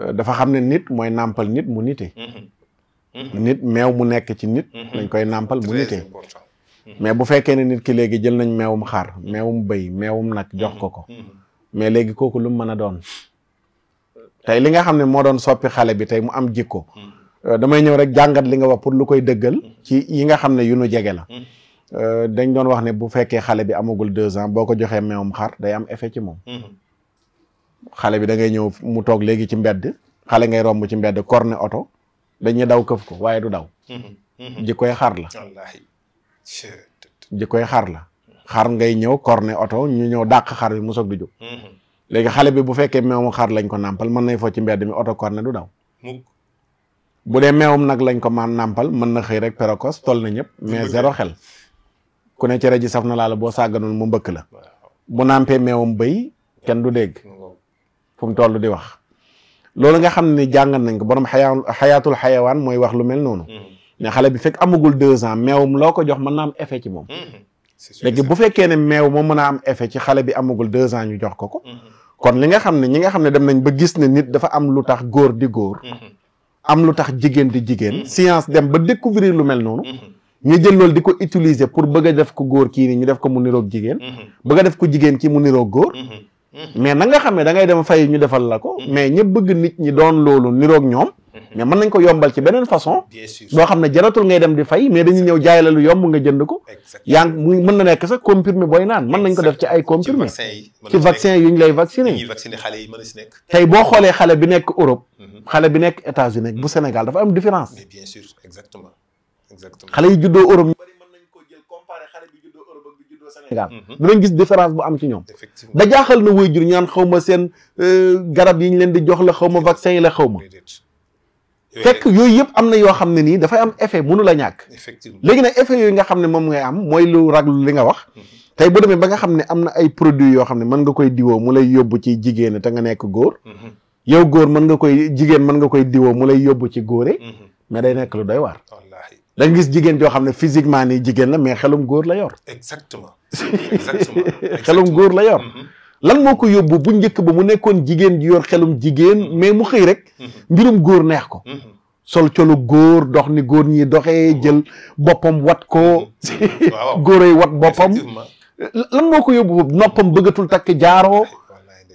Euh, dafa xam ne nit mooy nàmpal nit mu nite. Mm-hmm. nit meew mu nekk ci nit. Mm-hmm. dañ koy nàmpal mu nite. Mm-hmm. mais bu fekkee ne nit ki léegi jël nañ meewum xaar meewum bëy meewum nag jox ko ko. mais léegi kooku lu mu mën a doon. tey li nga xam ne moo doon soppi xale bi tey mu am jikko. Euh, damay ñëw rek jàngat li nga wax pour lu koy dëggal. ci yi nga xam ne yu nu jege la. Euh, dañ doon wax ne bu fekkee xale bi amagul deux ans boo ko joxee meewum xaar day am effet ci moom. xale bi da ngay ñëw mu toog léegi ci mbedd xale ngay romb ci mbedd corne oto dañuy daw këf ko waaye du daw mm-hmm. jikkoy xar la jikkoy xar la xar ngay ñëw corne oto ñu ñëw dàq xar bi mu soog di jóg mm-hmm. léegi xale bi bu fekkee meewum xar lañ ko nàmpal mën nay fo ci mbedd mi oto corne du daw bu dee meewum nag lañ ko man nàmpal mën na xëy rek précoce tol na ñëpp mais zéro xel ku ne cere ji saf na laa boo sàgganoon mu mbëkk la bu nàmpee meewum bëy kenn du dégg fu mu toll di wax loolu nga xam ne jàngal nañ ko borom xayaa xayaatul xayawaan mooy wax lu mel noonu mm-hmm. ne xale bi fekk amagul deux ans meewum loo ko jox mën na am effet ci moom mm-hmm. bu fekkee ne meew moo mën am effet ci xale bi amagul deux ans ñu jox ko ko mm-hmm. kon li nga xam ne ñi nga xam ne dem nañ ba gis ne nit dafa am lu tax góor di góor am lu tax jigéen di jigéen science dem ba découvrir lu mel noonu ñu jël loolu di ko utiliser pour bëgg def ko góor kii nii ñu def ko mu niroog jigéen bëgg def ko jigéen kii mu niroog góor mais na nga xam ne da ngay dem fay ñu defal la ko. mais ñëpp bëgg nit ñi doon loolu niroog ñoom. mais mën nañ ko yombal ci beneen façon. boo xam ne jaratul ngay dem di fay mais dañuy ñëw jaay la lu yomb nga jënd ko. yaa ngi muy mën na nekk sax comprimé booy naan mën nañ ko def ci ay. comprimé ci vaccin yi ñu lay vacciné. ñuy xale yi mën na si nekk. tey boo xoolee xale bi nekk Europe. Mhm. xale bi nekk États-Unis bu mhm. Sénégal dafa am différence. mais bien sûr exactement exactement xale yi juddoo Europe. Sénégal mhm. dinañ gis différence bu am ci ñoom da jaaxal na waajur ñaan xaw seen euh, garab yi ñu leen di jox la xaw ma vaccin yi la xaw ma fekk yooyu yëpp am na yoo xam ne nii dafay am effet mënu la ñàkk léegi nag effet yooyu nga xam ne moom ngay am mooy lu raglu li nga wax mhm. tey bu demee ba nga xam ne am na ay produits yoo xam ne mën nga koy diwoo mu lay yóbbu ci jigéen te nga nekk góor mhm. yow góor mën nga koy jigéen mën nga koy diwoo mu lay yóbbu ci góore mais day da gis jigéen joo xam ne physiquement nii jigéen la mais xelum góor la yor. exactement exactement xelum góor la yor. Mm-hmm. lan moo ko yóbbu bu njëkk ba mu nekkoon jigéen ji yor xelum jigéen mm-hmm. mais mu xëy rek. Mm-hmm. mbirum góor neex ko. sol colu góor dox ni góor ñi doxee jël boppam wat ko. góoray wat boppam. lan moo ko yóbbu noppam bëggatul takk jaaroo.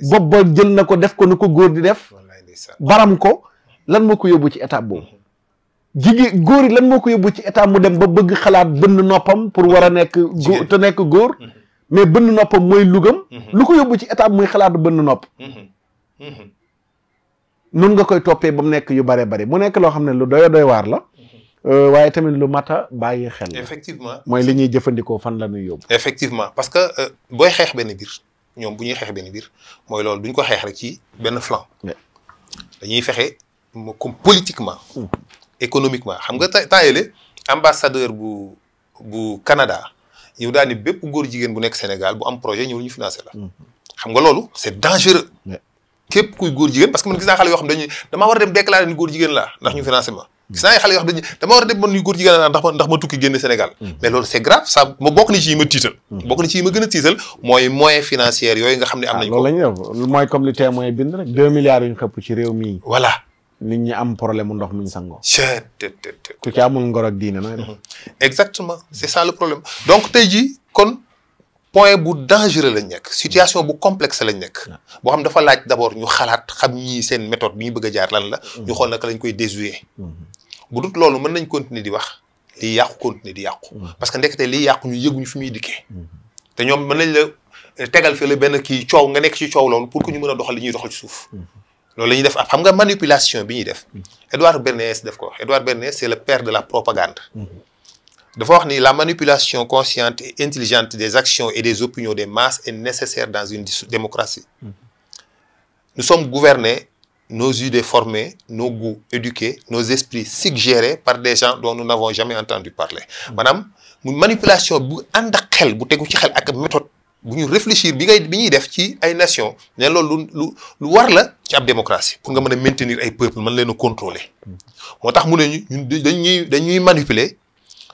bopp ba jël na ko def ko nu ko góor di def. baram ko lan moo ko yóbbu ci étape boobu. jigéen góor yi lan moo ko yóbbu ci état mu dem ba bëgg xalaat bënn noppam pour war a nekk góor te nekk góor mm-hmm. mais bënn noppam mooy lugam mm-hmm. lu ko yóbbu ci état muy xalaat bënn nopp mm-hmm. nun nga koy toppee ba mu nekk yu bare bari mu nekk loo xam ne lu doy doy waar la euh, waaye tamit lu mat a bàyyi xel effectivement mooy li ñuy jëfandikoo fan la ñuy yóbbu effectivement parce que euh, booy xeex benn biir ñoom bu ñuy xeex benn biir mooy loolu duñ ko xeex rek ci benn flanc dañuy fexe comme politiquement mm. économiquement xam nga temps yële ambassadeur bu bu Canada ñëw daal bépp góor jigéen bu nekk Sénégal bu am projet ñëw ñu financé mm-hmm. xam nga loolu c'est xale yoo xam dañuy damaa war a dem déclarer ni góor jigéen laa ndax ñu financé mm-hmm. naa xale yoo xam dañuy damaa war a dem man ni góor jigéen laa ndax ma ndax ma tukki génn Sénégal. Mm-hmm. mais loolu c'est grave ça ma bokk na ci yi ma tiital. bokk na ci yi ma gën a tiital mooy moyens financiers yooyu nga xam ne am ah, nañ ko. waaw loolu la ñuy def mooy comme li nit ñi am problème mu ndox mi ñu sangoo. te ki amul ngor ak diine nooy def. exactement c'est ça le problème donc tey jii kon point bu dangereux lañ nekk situation bu complexe lañ nekk. boo xam dafa laaj d'abord ñu xalaat xam ñi seen métode bi ñu bëgg a jaar lan la. Mm-hmm. ñu xool naka lañ koy déjouer. Mm-hmm. bu dut loolu mën nañ continuer di wax liy yàqu continuer di yàqu. Mm-hmm. parce que te liy yàqu ñu yëguñu fi muy dikkee. te ñoom mën nañ la eh, tegal fi la benn kii coow nga nekk ci coow loolu pour que ñu mën a doxal li ñuy doxal ci suuf. loolu la ñuy def xam nga manipulation bi ñu def Edouard hmm. Bernays def ko Edouard Bernays c'est le père de la propagande hmm. dafa wax ni la manipulation consciente et intelligente des actions et des opinions des masses est nécessaire dans une démocratie hmm. nous sommes gouvernés nos idées formées nos goûts éduqués nos esprits suggérés par des gens dont nous n'avons jamais entendu parler maanaam mu manipulation bu ànd ak xel bu tegu ci xel ak méthode bu ñu réfléchir bi ngay bi ñuy def ci ay nation ne loolu lu lu war la ci ab démocratie pour nga mën a maintenir ay peuple mën leen a contrôler moo tax mu ne ñun dañuy dañuy manipuler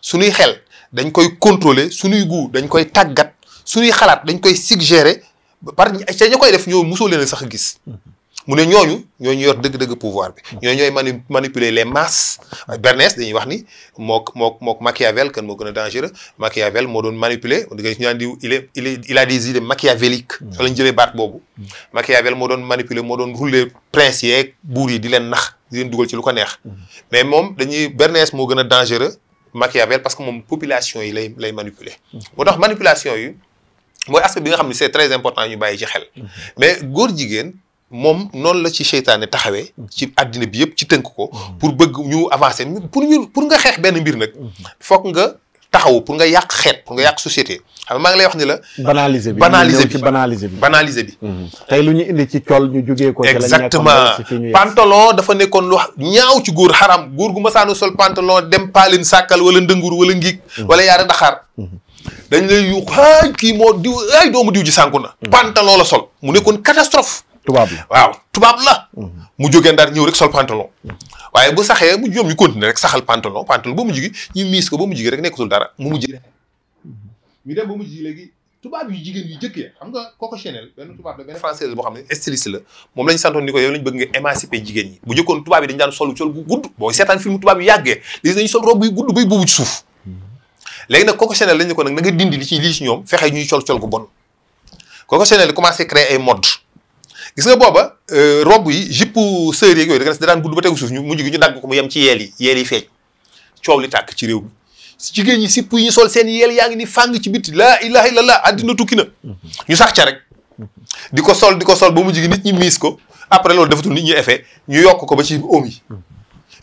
suñuy xel dañ koy contrôler suñuy goût dañ koy tàggat suñuy xalaat dañ koy suggérer par ca ña koy def ñoo mosoo leen sax a gis mu ne ñooñu ñooñu yor dëgg-dëgg pouvoir bi. ñooñu ñooy mani manipuler les masses. Bernays dañuy wax ni mook mook mook Machiavel moo gën a dangereux Machiavel moo doon manipuler da ngay naan di il est il a des idées machiavéliques. Mm. jëlee baat boobu. Machiavel moo doon manipuler moo doon rouler prince yeeg buur yi di leen nax di leen dugal ci lu ko neex. Mm. mais moom dañuy Bernays moo gën a dangereux Machiavel parce que moom population yi lay lay manipuler. Mm. moo tax manipulation yi mooy aspect bi nga xam ne c'est très important ñu bàyyi ci xel. mais góor jigéen. moom noonu la ci seytaane taxawee ci àddina bi yëpp ci tënk ko mhm. pour bëgg ñu avancer pour ñu pour nga xeex benn mbir nag mhm. foog nga taxaw pour nga yàq xeet pour nga yàq société xam nga maa ngi lay wax ni la banaliser bi banaliser bi banaliser bi banaliser bi mhm. tey lu ñu indi ci col ñu jógee ko exactement pantalon dafa nekkoon lu ñaaw ci góor xaram góor gu ma masaanu sol pantalon dem paalin sàkkal wala ndëngur wala ngiig wala yaara daxaar dañ lay yuux ay kii moo diw ay doomu diw ji sànku na pantalon la sol mu nekkoon catastrophe tubaab la waaw tubaab la. Mhm. mu jógee ndar ñëw rek sol pantalon. waaye bu saxee bu ñoom ñu continuer rek saxal pantalon pantalon ba mu jigi ñu miis ko ba mu jigi rek nekkatul dara mu mujj. Mhm. ñu dem ba mu jigi léegi tubaab yu jigéen yu jëkkee xam nga kooku Chanel benn tubaab la benn boo xam ne la moom lañ santoon ni ko yow lañ bëgg nga émanciper jigéen ñi. bu njëkkoon tubaab yi dañ daan sol sol gu gudd boo seetaan film tubaab yu yàggee gis nañ sol robe yu gudd bay buubu ci suuf mhm. léegi nag kooku Chanel lañ ko nag na nga dindi li ci lii ci ñoom fexe ñuy col col gu bon kooku Chanel commencé créer ay mode gis nga booba euh, robb yi jipp sër yeeg yooyu da nga daan ñu mujj dagg ko mu yem ci yeel yi yeel yi feeñ coow li tàkk ci réew mi jigéen ñi sipp yi ñu sol seen yeel yaa ngi ni fàng ci biti laa la illallah àddina tukki na ñu sax ca rek di ko sol di ko sol ba mu mujj gi nit ñi miis ko après loolu defatul nit ñi efe ñu yokk ko ba ci oom yi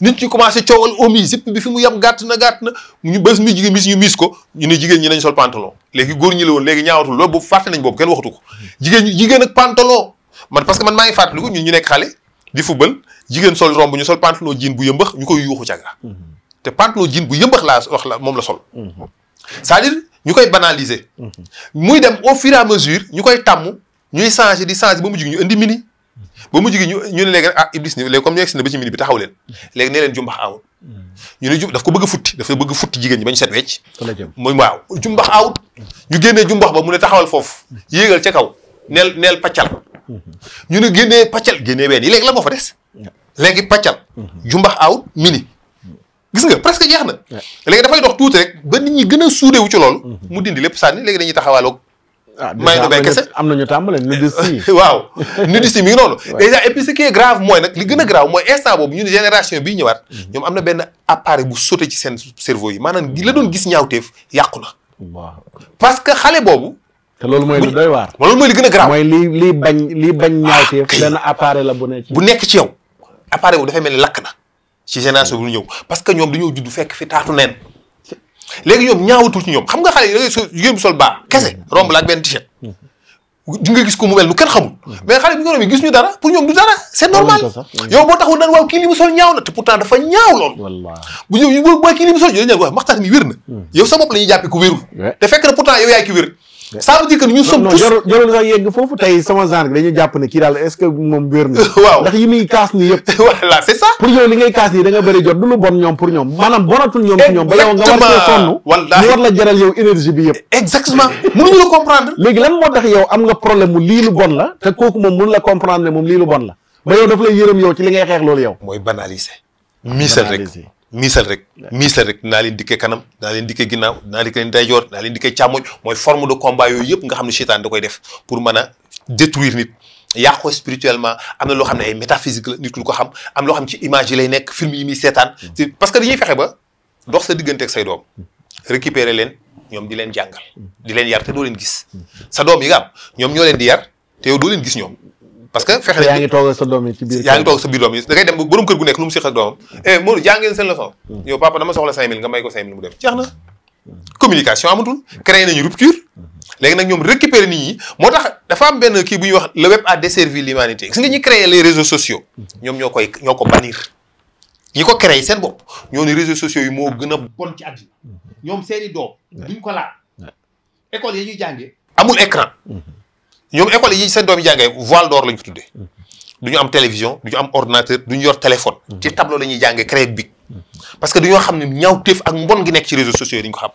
nit ñi commencé coowal oom yi sipp bi fi mu yem gàtt na gàtt na ñu bés mu jigéen mis ñu miis ko ñu ne jigéen ñi nañ sol pantalon léegi góor ñi la woon léegi ñaawatul loolu boobu fàtte nañ boobu kenn waxatu ko jigéen ñi man parce que man maa ngi fàttaliku ñun ñu nekk xale di football jigéen sol romb ñu sol pantalon jean bu yëmbax ñu koy yuuxu caga mm-hmm. te pantalon jean bu yëmbax laa wax la moom la sol mm-hmm. c'est-à-dire ñu koy banaliser mm-hmm. muy dem au fur et à mesure ñu koy tàmm ñuy changer di changer ba mu jig ñu indi mini ba mu jig ñu ñu ne léegi nag ah iblis ni léegi na ba ci mini bi taxaw leen léegi nee leen jumbax aawut ñu ne jum daf ko bëgg a futti dafa bëgg futti jigéen ñi ba ñu set wecc muy waaw jumbax aawut ñu génnee jumbax ba mu ne taxawal foofu yéegal ca kaw neel neel paccal ñu ne génnee pàccal génnee ween yi léegi la moo fa des. léegi pàccal. Mm-hmm. jumbax aawut mini. gis nga presque jeex na. léegi dafay dox tuuti rek ba nit ñi gën a wu ci loolu. Mm-hmm. mu dindi lépp sànni léegi dañuy taxawaaloog. ah déjà am nañu am nañu tàmbale nudistes yi. waaw nudistes yi mi ngi noonu. déjà grave mooy nag li gën a grave mooy instant boobu ñu ne génération bii ñëwaat. Mm-hmm. ñoom am na benn appareil bu sauté ci seen cerveau yi maanaam la doon gis ñaawteef yàqu na. parce que xale boobu te loolu mooy lu doy waar. loolu mooy li gën a garaaw mooy lii lii bañ lii bañ ah, ñaawteef benn appareil bu nekk ci. bu nekk yow appareil bu dafay mel ni lakk na ci génération bi ñëw parce que ñoom dañoo judd fekk fi taatu neen léegi ñoom ñaawatu ci ñoom xam nga xale yi so yéen kese mm-hmm. romb la ak benn mm-hmm. gis ko mu mel mm-hmm. gis ñu dara pour ñoom du dara c'est normal yow boo taxul naan waaw kii li mu sol ñaaw na te pourtant dafa ñaaw loolu bu ñëw waa kii li mu sol ñooñu dañu naan waaw maxtaan mi wér na yow sa bopp la ñuy ko wérul te fekk na pourtant ça veut dire que nous sommes tous non jarul sax yegg foofu tey sama genre bi dañu jàpp ne kii daal est-ce que moom wér na ndax yi muy kaas nii yëpp voilà c'est ça pour yow li ngay kaas nii da bëri jot du lu bon ñoom pour ñoom maanaam bonatul ñoom ci ñoom ba yow nga war see sonn ñu war la jaral yow énergie bi yëpp exactement mënuñu la comprendre léegi lan moo tax yow am nga problème mu lii lu bon la te kooku moom mënu la comprendre ne moom lii lu bon la ba yow daf lay yërëm yow ci li miisal rek miisal rek dinaa leen dikkee kanam dinaa leen dikkee ginnaaw dinaa dikkee ndeyjoor dinaa leen dikkee càmmoñ mooy forme de combat yooyu yëpp nga xam ne seytaane da koy def pour mën a nit yàq ko spirituellement am na loo xam ne ay métaphysique la nit ko xam am loo xam ci image yi lay nekk film yi muy seetaan mm. parce que dañuy fexe ba dox sa diggante ak say doom récupérer leen ñoom di leen jàngal di leen yar te doo leen gis mm. sa doom yi nga ñoom ñoo leen di yar te yow doo leen gis ñoom parce que fexe yaa ngi toog sa doom yi ci biir yaa ngi toog sa biir doom yi da ngay dem ba borom kër gu nekk lu mu séq ak doomam eh, hmm. mu dem jeex na communication amatul créé nañu rupture hmm. léegi nag ñoom récupérer nit ñi moo tax dafa am benn kii bu ñuy wax le web a desservi l'humanité gis nga ñi créé les réseaux sociaux hmm. ñoom ñoo koy ñoo ko bannir ñi ko créé seen bopp ñoo ne réseaux sociaux yi moo gën a bon ci àddina ñoom seen i doom duñ ko laal école yi ñuy jàngee amul écran ñoom école yi seen doom yi jàngee voile d'or lañ ko tuddee mm-hmm. du ñu am télévision du ñu am ordinateur du ñu yor téléphone. Mm-hmm. ci tableau la ñuy jàngee créé bi parce que dañoo xam ne ñaaw téef ak mbon gi nekk ci réseaux sociaux yi dañu ko xam.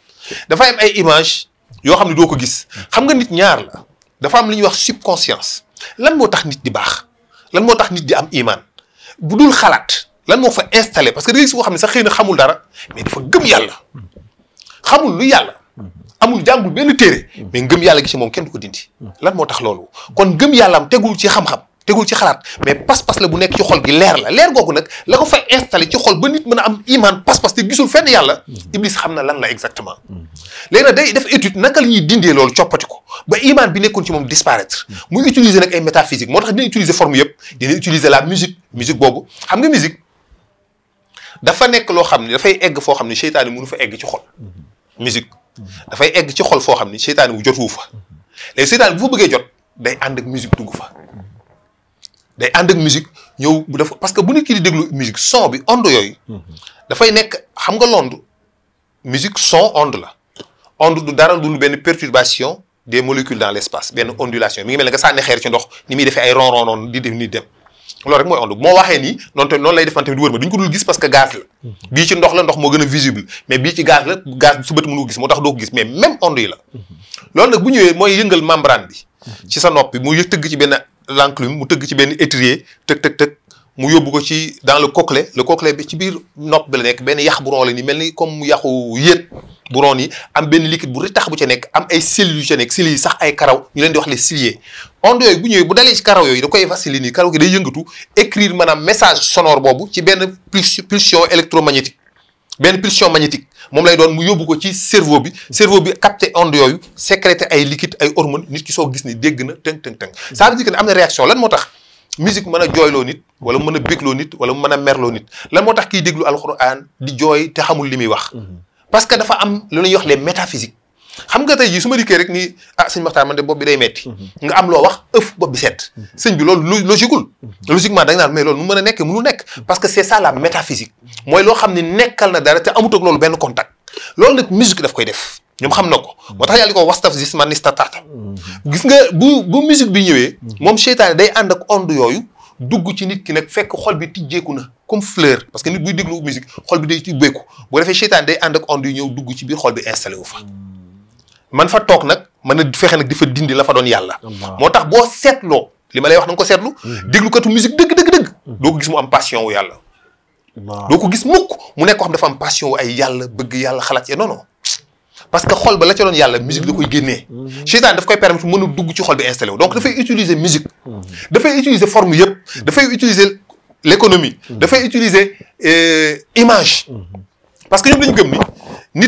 dafa am ay image yoo xam ne doo ko gis xam nga nit ñaar la dafa am lu ñuy wax subconscience lan moo tax nit di baax lan moo tax nit di am imaan bu dul xalaat lan moo fa installé parce que da ngay gis koo xam ne sax xëy na xamul dara mais dafa gëm yàlla xamul lu yàlla. amul jàngul benn téere mais ngëm yàlla gi ci moom kenn du ko dindi lan moo tax loolu kon ngëm yàllaam tegul ci xam-xam tegul ci xalaat mais pas-pas la bu nekk ci xol gi leer la leer googu nag la ko fay installé ci xol ba nit mën a am iman pas-pas te gisul fenn yàlla iblis xam na lan la exactement léegi nag day def étude naka la ñuy dindee loolu coppati ko ba iman bi nekkoon ci moom disparaître muy utiliser nag ay métaphysique moo tax dina utiliser forme yëpp dina la musique musique boobu xam nga musique dafa nekk loo xam ne dafay egg foo xam ne seytaane mënu fa egg ci xol musique dafay egg ci xol foo xam ni seetaan wu jot wu fa léegi seytaane bu fa bëggee jot day ànd ak musique dugg fa day ànd ak musique ñëw bu def parce que bu nit ki di déglu musique son bi onde yooyu dafay nekk xam nga l'onde musique son onde la onde du dara dul benn perturbation des molécules dans l'espace benn ondulation mi ngi mel ne nga sànni xeer ci ndox ni muy defee ay ronron noonu di dem ni dem loolu rek mooy ondu moo waxee nii noonu tamit noonu lay defante du wër ba duñ ko dul gis parce que gaz la mhm. bii ci ndox la ndox moo gën a visible mais bii ci gaz la gaz su bët mënu ko gis moo tax doo ko gis mais même ondu yi la mhm. loolu nag bu ñëwee mooy yëngal membrane bi mhm. ci sa nopp bi mu tëgg ci benn l'enclume mu tëgg ci benn étrier tëg tëg mu yóbbu ko ci dans le cochlée le cochlée bi ci biir nopp bi la nekk benn yax bu ron la ni mel ni comme yaxu yéet bu ron yi am benn liquide bu ritax bu ca nekk am ay cellules yu ca nekk cellules sax ay karaw ñu leen di wax les ciliés onde yooyu bu ñëwee bu dalee ci karaw yooyu da koy vaseline nii karaw gi day yëngatu écrire maanaam message sonore boobu ci benn pulsion électromagnétique benn pulsion magnétique moom lay doon mu yóbbu ko ci cerveau bi cerveau bi capté onde yooyu sécréter ay liquide ay hormones nit ki soo gis ni dégg na tëng tëng tëng ça veut dire que am lan moo tax musique mën a jooyloo nit wala mën a bégloo nit wala mën a merloo nit lan moo tax kiy déglu alxuraan di jooy te xamul li muy wax. Mhm. parce que dafa am lu ñuy wax les métaphysiques. xam nga tey jii su ma dikkee rek ni ah sëñ Maxtaar man de bopp bi day metti mhm. nga am loo wax ëf bopp set. Mhm. sëñ bi loolu logiqueul logiquement da nga naan mais loolu mu mën a nekk mënul nekk parce que c'est ça la métaphysique mooy loo xam ne nekkal na dara te amut loolu benn contact loolu nag musique daf koy def ñoom xam na ko. moo tax yàlla ko wastaf si man istataata mm-hmm. gis nga bu bu musique bi ñëwee. moom seytaane day ànd ak onde yooyu. dugg ci nit ki nag fekk xol bi tijjeeku na comme fleur parce que nit buy déglu musique xol bi day tijjeeku bu defee seytaane day ànd ak onde yu ñëw dugg ci biir xol bi installé wu fa. Mm-hmm. man fa toog nag mën a fexe nag di fa dindi la fa doon yàlla. moo tax boo seetloo li ma lay wax na nga ko seetlu. Mm-hmm. déglukatu musique dëgg dëgg dëgg. doo ko gis mu am passion wu doo ko gis mukk mu nekk ko xam dafa ay yàlla bëgg yàlla xalaat non non parce que xol ba la ca doon yàlla musique da koy génnee. Mm-hmm. seytaane daf koy permettre mën a dugg ci xol bi installé wu donc dafay utiliser musique. Mm-hmm. dafay utiliser forme yëpp. Mm-hmm. dafay utiliser l' économie. dafay utiliser euh, image. parce que ñoom dañu gëm ni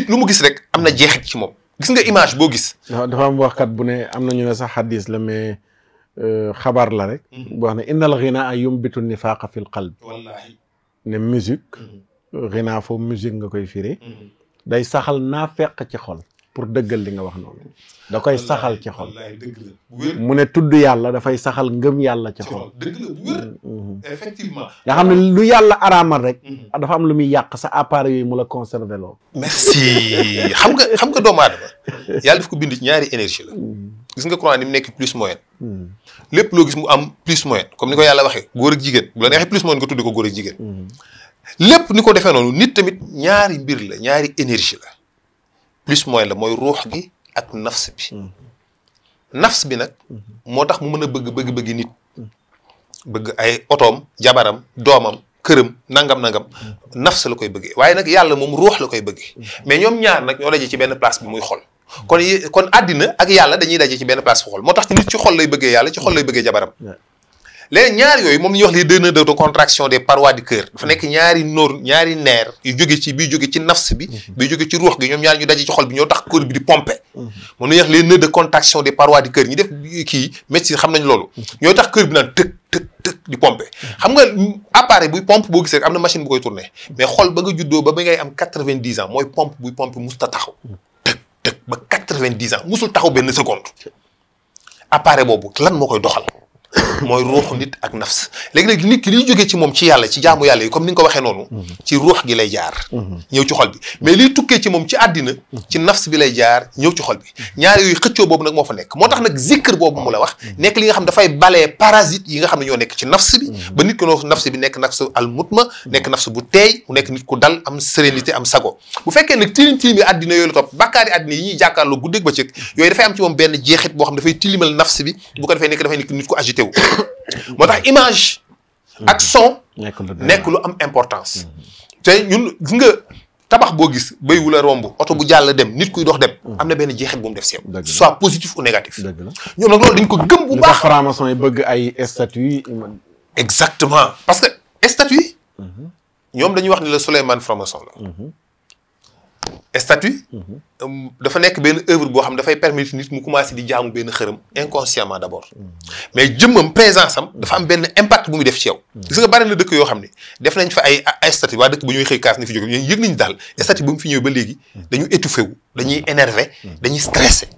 nit lu mu gis rek am na jeexit ci moom gis nga image boo gis. dafa am waxkat bu ne am na ñu ne sax xadis la mais euh, xabaar la rek. boo xam ne innal ghina yumbitu nifaqa fil qalb. wallaahi ne musique. ghina foofu musique nga koy firee. day saxal naa feq ci xol pour dëggal li nga wax noonu da koy saxal ci xol mu ne tudd yàlla dafay saxal ngëm yàlla ci xol dëgg la mm-hmm. Mm-hmm. nga xam ne lu yàlla araamal rek mm-hmm. dafa am lu muy yàq sa appareil yooyu mu la conservé loo xam nga xam nga doomu aadama yàlla daf ko bind ci ñaari énergie la gis nga courant ni mu nekk plus moyenne lép loo gis mu am plus moyenne comme ni ko yàlla waxee góor ak jigéen bu la neexee plus moyenne nga tudd ko góor jigéen lépp ni ko defee noonu nit tamit ñaari mbir la ñaari énergie la plus mooy la mooy ruux gi ak nafs bi hmm. nafs bi nag hmm. moo tax mu mën a bëgg bëgg bëgg nit bëgg ay otoom jabaram doomam këram nangam nangam hmm. nafs la koy bëggee waaye nag yàlla moom ruux la koy bëggee mais ñoom ñaar nag ñoo daje ci benn place bi muy xol kon kon àddina ak yàlla dañuy daje ci benn place bu xol moo tax nit ci xol lay bëggee yàlla ci xol lay bëggee jabaram léegi ñaar yooyu moom la ñuy wax les deux nœuds de contraction des parois du cœur dafa nekk ñaari nóor ñaari neer yu jóge ci bii jóge ci nafs bi mhm. bii jóge ci ruux gi ñoom ñaari ñu daje ci xol bi ñoo tax cœur bi di pompe mhm. moom la ñuy wax les de contraction des parois du cœur ñi def kii médecine xam nañ loolu mhm. ñoo tax kër bi naan tëg tëg tëg di pompe xam nga appareil buy pompe boo gisee am na machine bu koy tourné mais xol ba nga juddoo ba ba ngay am quatre-vingt-dix ans mooy pompe buy pompe taxaw tëg ba quatre-vingt-dix ans musul taxaw benn seconde appareil boobu lan moo koy doxal mooy ruux nit ak nafs léegi nag nit ki liy jógee ci moom ci yàlla ci jaamu yàlla yi comme ni nga ko waxee noonu mhm. ci ruux gi lay jaar mhm. ñëw ci xol bi tukkee ci moom ci àddina mhm. ci bi lay jaar ñëw ci xol bi ñaar yooyu xëccoo boobu nag moo fa nekk moo tax nag zikr boobu mu la wax nekk li nga xam dafay balee parasite yi nga xam ne ñoo nekk ci nafs bi ba nit ko noo nafs bi nekk nafs al mutma nekk nafs bu teey mu nekk nit ku dal am sérénité am sago bu fekkee nag tilim tilim yi yooyu la topp bàkkaari àddina yi ñuy jàkkaarloo guddeeg bëccëg yooyu ñëw moo tax image ak son nekk lu am importance te ñun gis nga tabax boo gis béy wu la romb oto bu jàll dem nit kuy dox dem am na benn jeexit bu mu def seew soit positif ou négatif ñoom nag loolu dañ ko gëm bu baax franc-maçon yi bëgg ay statues exactement parce que statues mhm. ñoom dañuy wax ni la Souleymane franc-maçon la mhm. statut mhm. euh, dafa nekk benn œuvre boo xam dafay permettre nit mu commencé di jaamu benn xërëm inconsciemment d' abord mhm. mais jëmmam présence am dafa am benn impact bu muy def ci yow mhm. gis nga bari na dëkk yoo xam ne def nañ fa ay ay statut waa dëkk ba ñuy xëy kaas ni fi jóge nañu daal statut bu mu fi ñëwee ba léegi dañu étouffé wu dañuy énervé dañuy stressé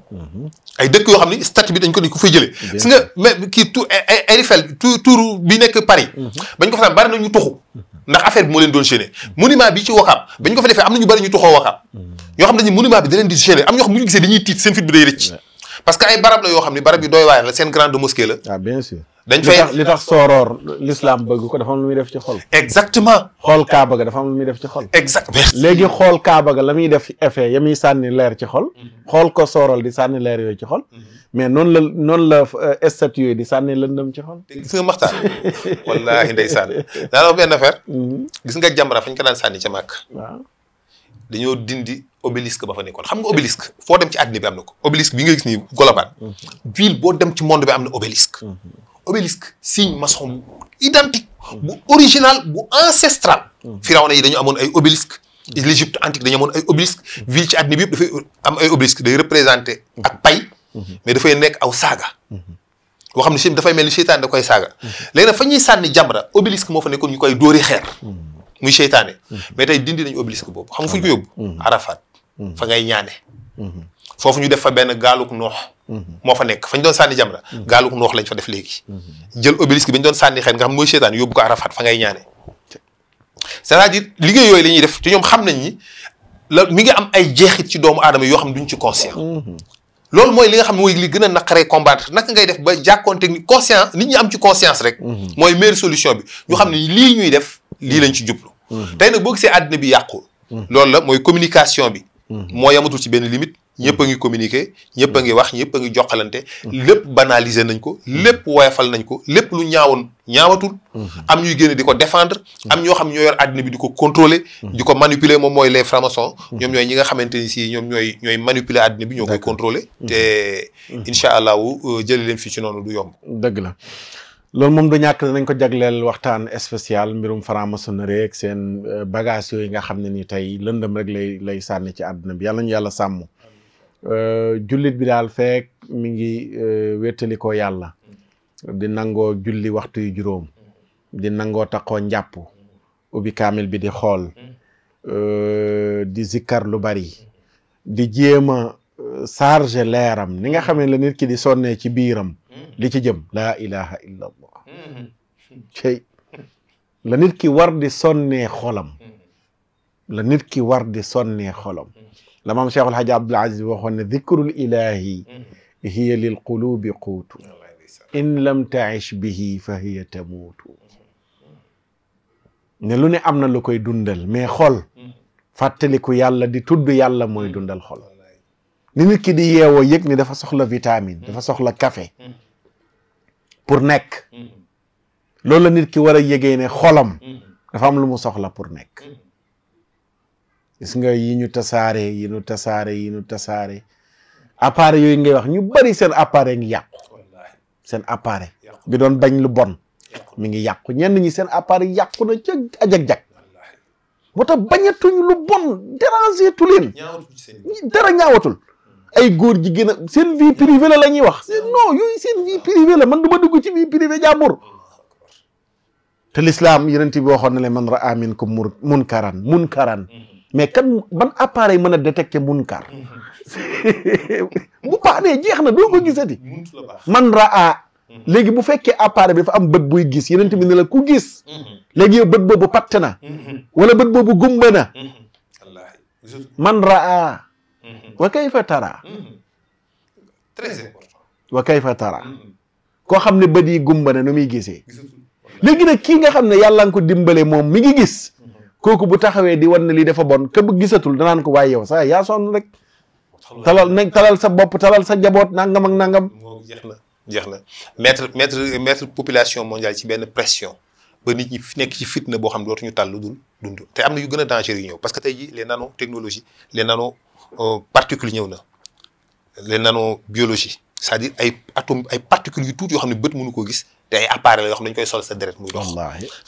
ay dëkk yoo xam ne statut bi dañ ko dañ ko fay jëlee gis nga mais kii tout Eiffel tout tour bi nekk Paris bañ ko fa bari na ñu tuxu ndax affaire bi moo leen doon gêné monument bi ci Wakam ba ñu ko fa defee am na ñu bari ñu tuxoo Wakam ñoo mm. xam dañu monument bi da leen di gêné am ñoo xam bu ñu gisee dañuy tiit seen fit bi day rëcc parce que ay barab la yoo xam ne barab yi doy waar la seen grande mosquée la. ah bien sûr. dañ li tax sooroor l'islam bëgg ko dafa am lu muy def ci xol. exactement. xool kaaba ga dafa am lu muy def ci xol. exactement. léegi xool kaaba ga la muy def effet ya muy sànni leer ci xol. Mm-hmm. xool ko soorool di sànni leer yooyu ci xol. Mm-hmm. mais noonu la noonu la euh, statue di sànni lëndëm ci xol. gis nga maxtaan wallaahi ndeysaan daanaka benn affaire. Mm-hmm. gis nga jamra fañ ko daan sànni ca màkk. waaw. dañoo dindi obélisque ba fa nekkoon xam nga obélisque foo dem ci àddina bi am na ko obélisque bi nga gis nii Colobane mhm. ville boo dem ci monde bi am na obélisque mhm. obélisque signe maçon bu identique mhm. bu original bu ancestral firawna yi dañu amoon ay obélisque l'Égypte antique dañoo amoon ay obélisque ville ci àddina bi yëpp dafay am ay obélisque day représenté ak pay mais dafay nekk aw saaga boo xam si dafay mel ni seytaane da koy saaga léegi nag fa ñuy sànni jamra obélisque moo fa nekkoon ñu koy dóori xeer muy seytaane mm-hmm. mais tey dindi nañu obélisque boobu xam nga fu ñu ko mm-hmm. Mm-hmm. fa ngay ñaane foofu ñu def fa benn gaaluk noox moo fa nekk fañ doon sànni jamra gaaluk noox lañ fa def léegi jël obélisque bi ñu doon sànni xeet nga xam mooy seytaane yóbbu ko Arafat fa ngay ñaane c'est-à-dire liggéey yooyu la def te ñoom xam nañ ni la mi ngi am ay jeexit ci doomu aadama yoo xam ne duñ ci conscient loolu mooy li nga xam ne mooy li gën a naqaree combattre naka ngay def ba jàkkoonte ni conscience nit ñi am ci conscience rek mooy meilleure solution bi ñu xam ne lii ñuy def lii lañ ci jublu Mhm. tey nag boo gisee àddina bi yàqu. Mhm. loolu la mooy communication bi. Mhm. moo yamatul ci benn limite. ñëpp ngi communiqué ñëpp ngi wax ñëpp a ngi joxalante. lépp banaliser nañ ko. lépp woyafal nañ ko lépp lu ñaawoon ñaawatul. am ñuy génne di ko défendre. am ñoo xam ñoo yor àddina bi di ko contrôler. di ko manipuler moom mooy les francs ñoom ñooy ñi nga xamante ni si ñoom ñooy ñooy manipuler àddina bi ñoo koy contrôler. te incha allahu euh, jëli leen fii si noonu du yomb. dëgg la. loolu moom du ñàkk nañ ko jagleel waxtaan spécial mbirum franc-maçonnerie ak seen euh, bagage yooyu nga xam ne ni tey lëndam rek lay lay sànni ci àdduna bi yàlla ñu yàlla sàmm euh, jullit bi daal feek mi ngi euh, wéttali ko yàlla di nangoo julli waxtu yu juróom di nangoo taqoo njàpp ubbi kaamil bi di xool di zikkar lu bari di jéem a charger leeram ni nga xamee la nit ki di sonnee ci biiram li ci jëm laa ilaha illa allah mm-hmm. cey la nit ki war di sonnee xolam mm-hmm. la nit ki war di sonnee xolam mm-hmm. la maam Cheikh Alhaji Abdul Aziz waxoon ne dikrul ilahi hiya lil qulubi quutu in lam taish bihi fa hiya tamuutu ne lu ne am na lu koy dundal mais xol fàttaliku yàlla di tudd yàlla mooy dundal xol ni nit ki di yeewoo yëg ni dafa soxla vitamine dafa soxla café pour nekk loolu la nit ki war a yëgee ne xolam dafa am lu mu soxla pour nekk gis nga yi ñu tasaare yi ñu tasaare yi ñu tasaare appareil yooyu ngay wax ñu bari seen appareil ngi yàqu seen appareil bi doon bañ lu bon mi ngi yàqu ñenn ñi seen appareil yàqu na ca ajag-jag moo tax bañatuñ lu bon déranger tu dara ñaawatul ay góor ji gën a seen vie privée la la ñuy wax seen non yooyu man du ma dugg ci vie privée jàmbur te l'islam yeneen bi waxoon na leen man raa minkum munkaran munkaran mm-hmm. mais kan ban appareil mën a détecté munkar mm-hmm. bu paanee jeex na doo ko gisati man raa mm-hmm. léegi bu fekkee appareil bi fa am bët buy gis yeneen bi ne la ku gis léegi yow bët boobu patt na wala bët boobu gumba na man raa Mm-hmm. wa kayfa tara très important wa tara mm-hmm. koo xam ne bët yi gumba na nu muy gisee léegi nag kii nga xam ne yàlla nga ko dimbale moom mi ngi gis mm-hmm. kooku bu taxawee di wan ne lii dafa bon ke bu gisatul danaan ko waaye yow sax yaa sonn rek talal nag talal sa bopp talal sa jaboot nangam ak nangam jeex na jeex na mettre mettre mettre population mondiale ci benn pression ba nit ñi nekk ci fitna boo xam ne dootuñu tàll dul dund te am na yu gën a dangereux yu ñëw parce que te ji les nano technologies les nano Euh, particule ñëw na leen nano biologie c'est-à-dire ay atome yu tuuti yoo xam ne bët mënu koo gis te ay appareil la yoo xam ne dañ koy sol sa deret muy dox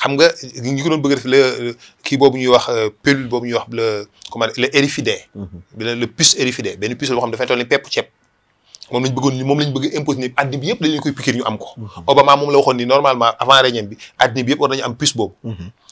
xam nga ñi ko bëgg def le kii boobu ñuy wax euh, pilule boobu ñuy wax le comment la mhm. puce érifidé benn puce la boo xam ne dafay toll ni pepp ceeb moom lañ bëggoon moom lañ bëgg imposer ni addina bi yëpp dañ koy piquer ñu am ko mhm. Obama moom la waxoon ni normalement avant réunion bi addina bi yëpp war nañu am puce boobu mhm.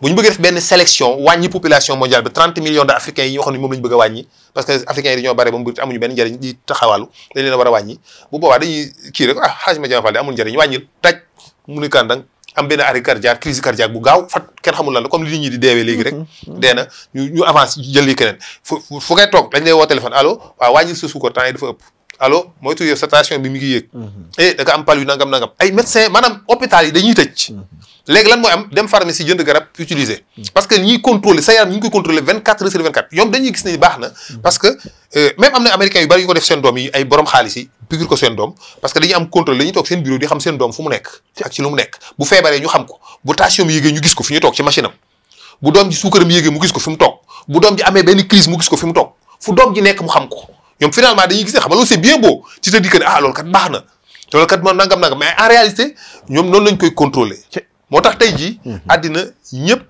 bu ñu bëgg def benn sélection wàññi population mondiale bi 30 millions de africains yi ñoo xam ne moom la ñu bëgg a wàññi parce que africains yi dañoo bare ba mu bëgg amuñu benn njëriñ di taxawaalu dañ leen a war a wàññi bu boobaa dañuy kii rek ah am benn arrêt cardiaque crise cardiaque bu gaaw fat kenn xamul lan comme li nit ñi di deewee léegi rek mm-hmm. dee na ñu ñu avance jël li keneen fu fu toog dañ lay woo téléphone allo waaw wàññil sa suukar temps dafa ëpp allo moytu yow station bi mi ngi yéeg. Mhm. eh da nga am palu nangam nangam ay médecin maanaam hôpital yi dañuy tëj. Mhm. léegi lan mooy am dem pharmacie jënd garab utiliser. Mhm. parce que ñiy contrôler sa yaram ñu koy contrôler vingt quatre heures sur vingt quatre ñoom dañuy gis ne baax na. parce que euh, même am na américains yu bari yu ko def seen doom yi ay borom xaalis yi piqûre ko seen doom parce que dañuy am contrôle dañuy toog seen bureau di xam seen doom fu mu nekk ak ci lu mu nekk am ko ñoom finalement dañuy gis ne xam nga loolu c'est bien beau tu te dis que ne ah loolu kat baax na te kat moom nangam nangam mais en réalité ñoom noonu lañ koy contrôler moo tax tey jii. Mhm. àddina ñëpp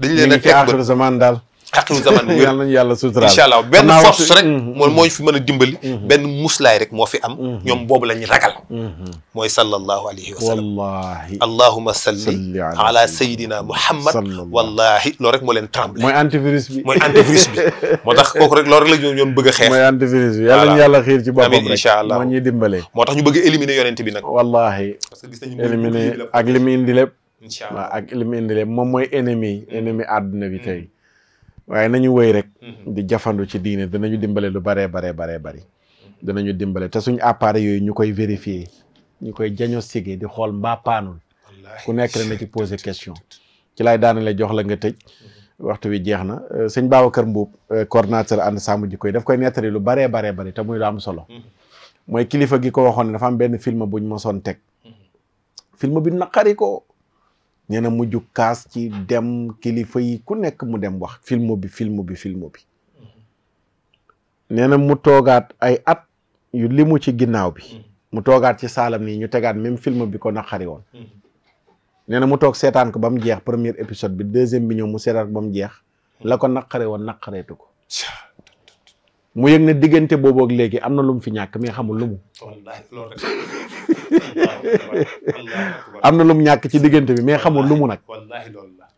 dañ leen a teg ba daal. xaqiru zaman bi yàlla nañu yàlla suturaal incha allah benn force rek mm-hmm. moom moo ñu fi mën a dimbali mm-hmm. benn muslaay rek moo fi am mm-hmm. ñoom boobu la ñu ragal mooy sallallahu alayhi wa sallam wallahi allahuma salli ala sayidina muhammad wallahi loolu rek moo leen tremble mooy antivirus bi mooy antivirus bi moo tax kooku rek loolu rek la ñoom bëgg a xeex mooy antivirus bi yàlla nañu yàlla xiir ci boppam rek moo ñuy dimbale moo tax ñu bëgg a éliminer yonent bi nag wallahi parce que gis nañu éliminer ak li mu indi lépp incha allah ak li mu indi lépp moom mooy ennemi ennemi àdduna bi tey waaye nañu woy rek. Mhm. di jafandu ci diine danañu dimbale lu baree baree baree bari. danañu dimbale te suñu appareil yooyu ñu koy vérifier ñu koy diagnostiquer di xool mbaa paanul. ku nekk rek na ci poser question. ci laay daanale jox la nga tëj. waxtu wi jeex na euh, sëñ kër Mbuub euh, cordinateur ànd sàmm jikko yi daf koy nettali lu baree baree bari te muy lu am solo. Mhm. mooy kilifa gi ko waxoon ne dafa am benn film buñ mosoon teg. Mhm. film bi naqari ko nee na mujj kaas ci dem kilifa yi ku nekk mu dem wax film bi film bi film bi nee na mu toogaat ay at yu limu ci ginnaaw bi mu toogaat ci saalam nii ñu tegaat même film bi ko naqari woon nee na mu toog seetaan ko ba mu jeex premier épisode bi deuxième bi ñëw mu seetaan ko ba mu jeex la ko naqare woon naqareetu ko mu yëg ne diggante boobu léegi am na lu fi ñàkk mi xamul lu mu am na lum ñàkk ci diggante bi mais xamul lu mu nag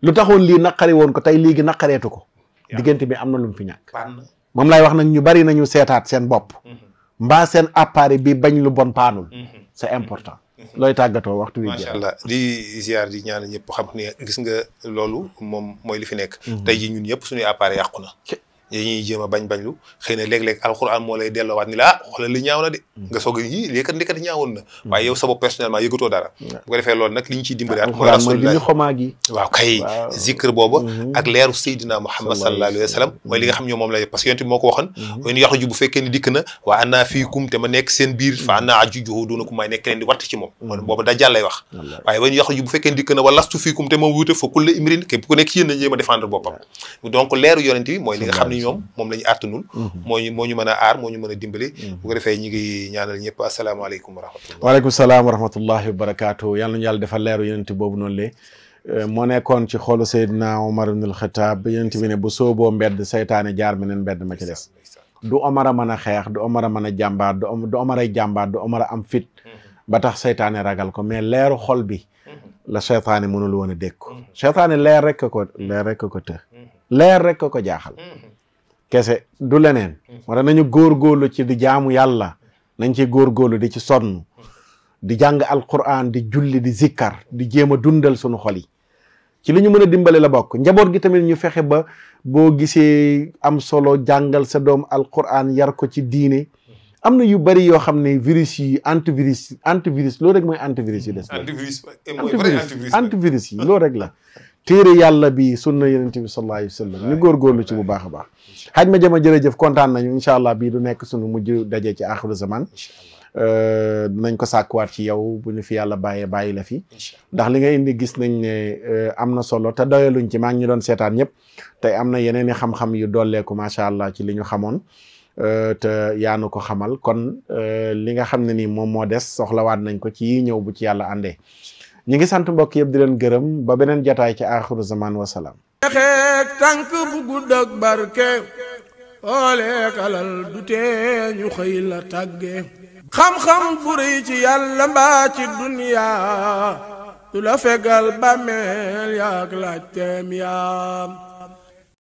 lu taxoon lii naqari woon ko tey léegi naqareetu ko diggante bi am na lum fi ñàkk moom lay wax nag ñu bari nañu seetaat seen bopp mhm. mbaa seen appareil bi bañ lu bon paanul mhm. c'est important mhm. looy tàggatoo waxtu wi macha allah di ziar di ñaan ñëpp xam ne gis nga loolu moom mooy li fi nekk tey ji ñun ñëpp suñuy appareil yàqu ñuy jéem a bañ bañ lu xëy na léeg-léeg alxuraan moo lay delloowaat ni la ah xoolal li ñaaw de mm. nga soog a yii lii kat lii mm. waaye yow sa bopp personnellement yëgatoo dara bu ko defee loolu nag li ñu mm-hmm. xam ñoo lay parce que yonent bi moo ko waxoon ñu yaxu ju bu fekkee ni dikk fiikum te ma nekk seen biir fa mm-hmm. annaa ajujuhu duunakum nekk leen mm-hmm. da jàllay wax waaye ba na wa a défendre boppam donc leeru yonent bi mooy li nga xam ne ni ñoom moom la ñu artu nun mhm. moo ñu moo ñu mën a aar moo ñu mën a dimbali mhm. bu ko defee ñu ngi ñaanal ñëpp asalaamaaleykum wa rahmatullah waaleykum salaam wa rahmatullahi wa barakatuh yàlla nañu yàlla defal leeru yenente boobu noonu lee euh, moo nekkoon ci xoolu Seydina Omar ibn al-Khattab yenent bi ne bu sooboo mbedd saytaane jaar meneen mbedd ma ci des du Omar a mën a xeex du Omar a mën a jàmbaar du du Omar ay jàmbaar du Omar am fit mhm. ba tax saytaane ragal ko mais leeru xol bi la seytaane mënul woon a dégg ko seytaane leer rek ko leer rek ko të leer ko jaaxal kese du leneen wala nañu góorgóorlu ci di jaamu yàlla nañ ci góorgóorlu di ci sonn di jàng alquran di julli di zikkar di jéem a dundal sunu xol yi ci li ñu mën a dimbale la bokk njaboot gi tamit ñu fexe ba boo gisee am solo jàngal sa doom alquran yar ko ci diine am na yu bari yoo xam ne virus yi antivirus antivirus loolu mooy antivirus yi des antivirus antivirus yi la téere yàlla bi sunna yonent bi sallallahu alayhi wa sallam ñu góorgóorlu ci bu baax a baax xaj ma jama jërëjëf kontaan nañu incha allah bii du nekk sunu mujj dajee ci axiru zaman euh, dinañ ko sàkkuwaat ci yow bu ñu fi yàlla bàyyee bàyyi la fi ndax li nga indi gis nañ ne euh, am na solo te doyaluñ ci maa ñu doon seetaan ñëpp tey am na yeneen i xam-xam yu dolleeku macha allah ci li ñu xamoon euh, te yaanu ko xamal kon li nga xam ne nii moom moo des soxlawaat nañ ko ci ñëw bu ci yàlla àndee ñu ngi sant mbokk yëpp di leen gërëm ba beneen jataay ci aaxiru zaman wa salaam xeek tànk bu gudd barke ooleek alal du tee xëy la tàgge xam-xam bu rëy ci yàlla mbaa ci duniyaa du la fegal bàmmeel yaak laaj yaam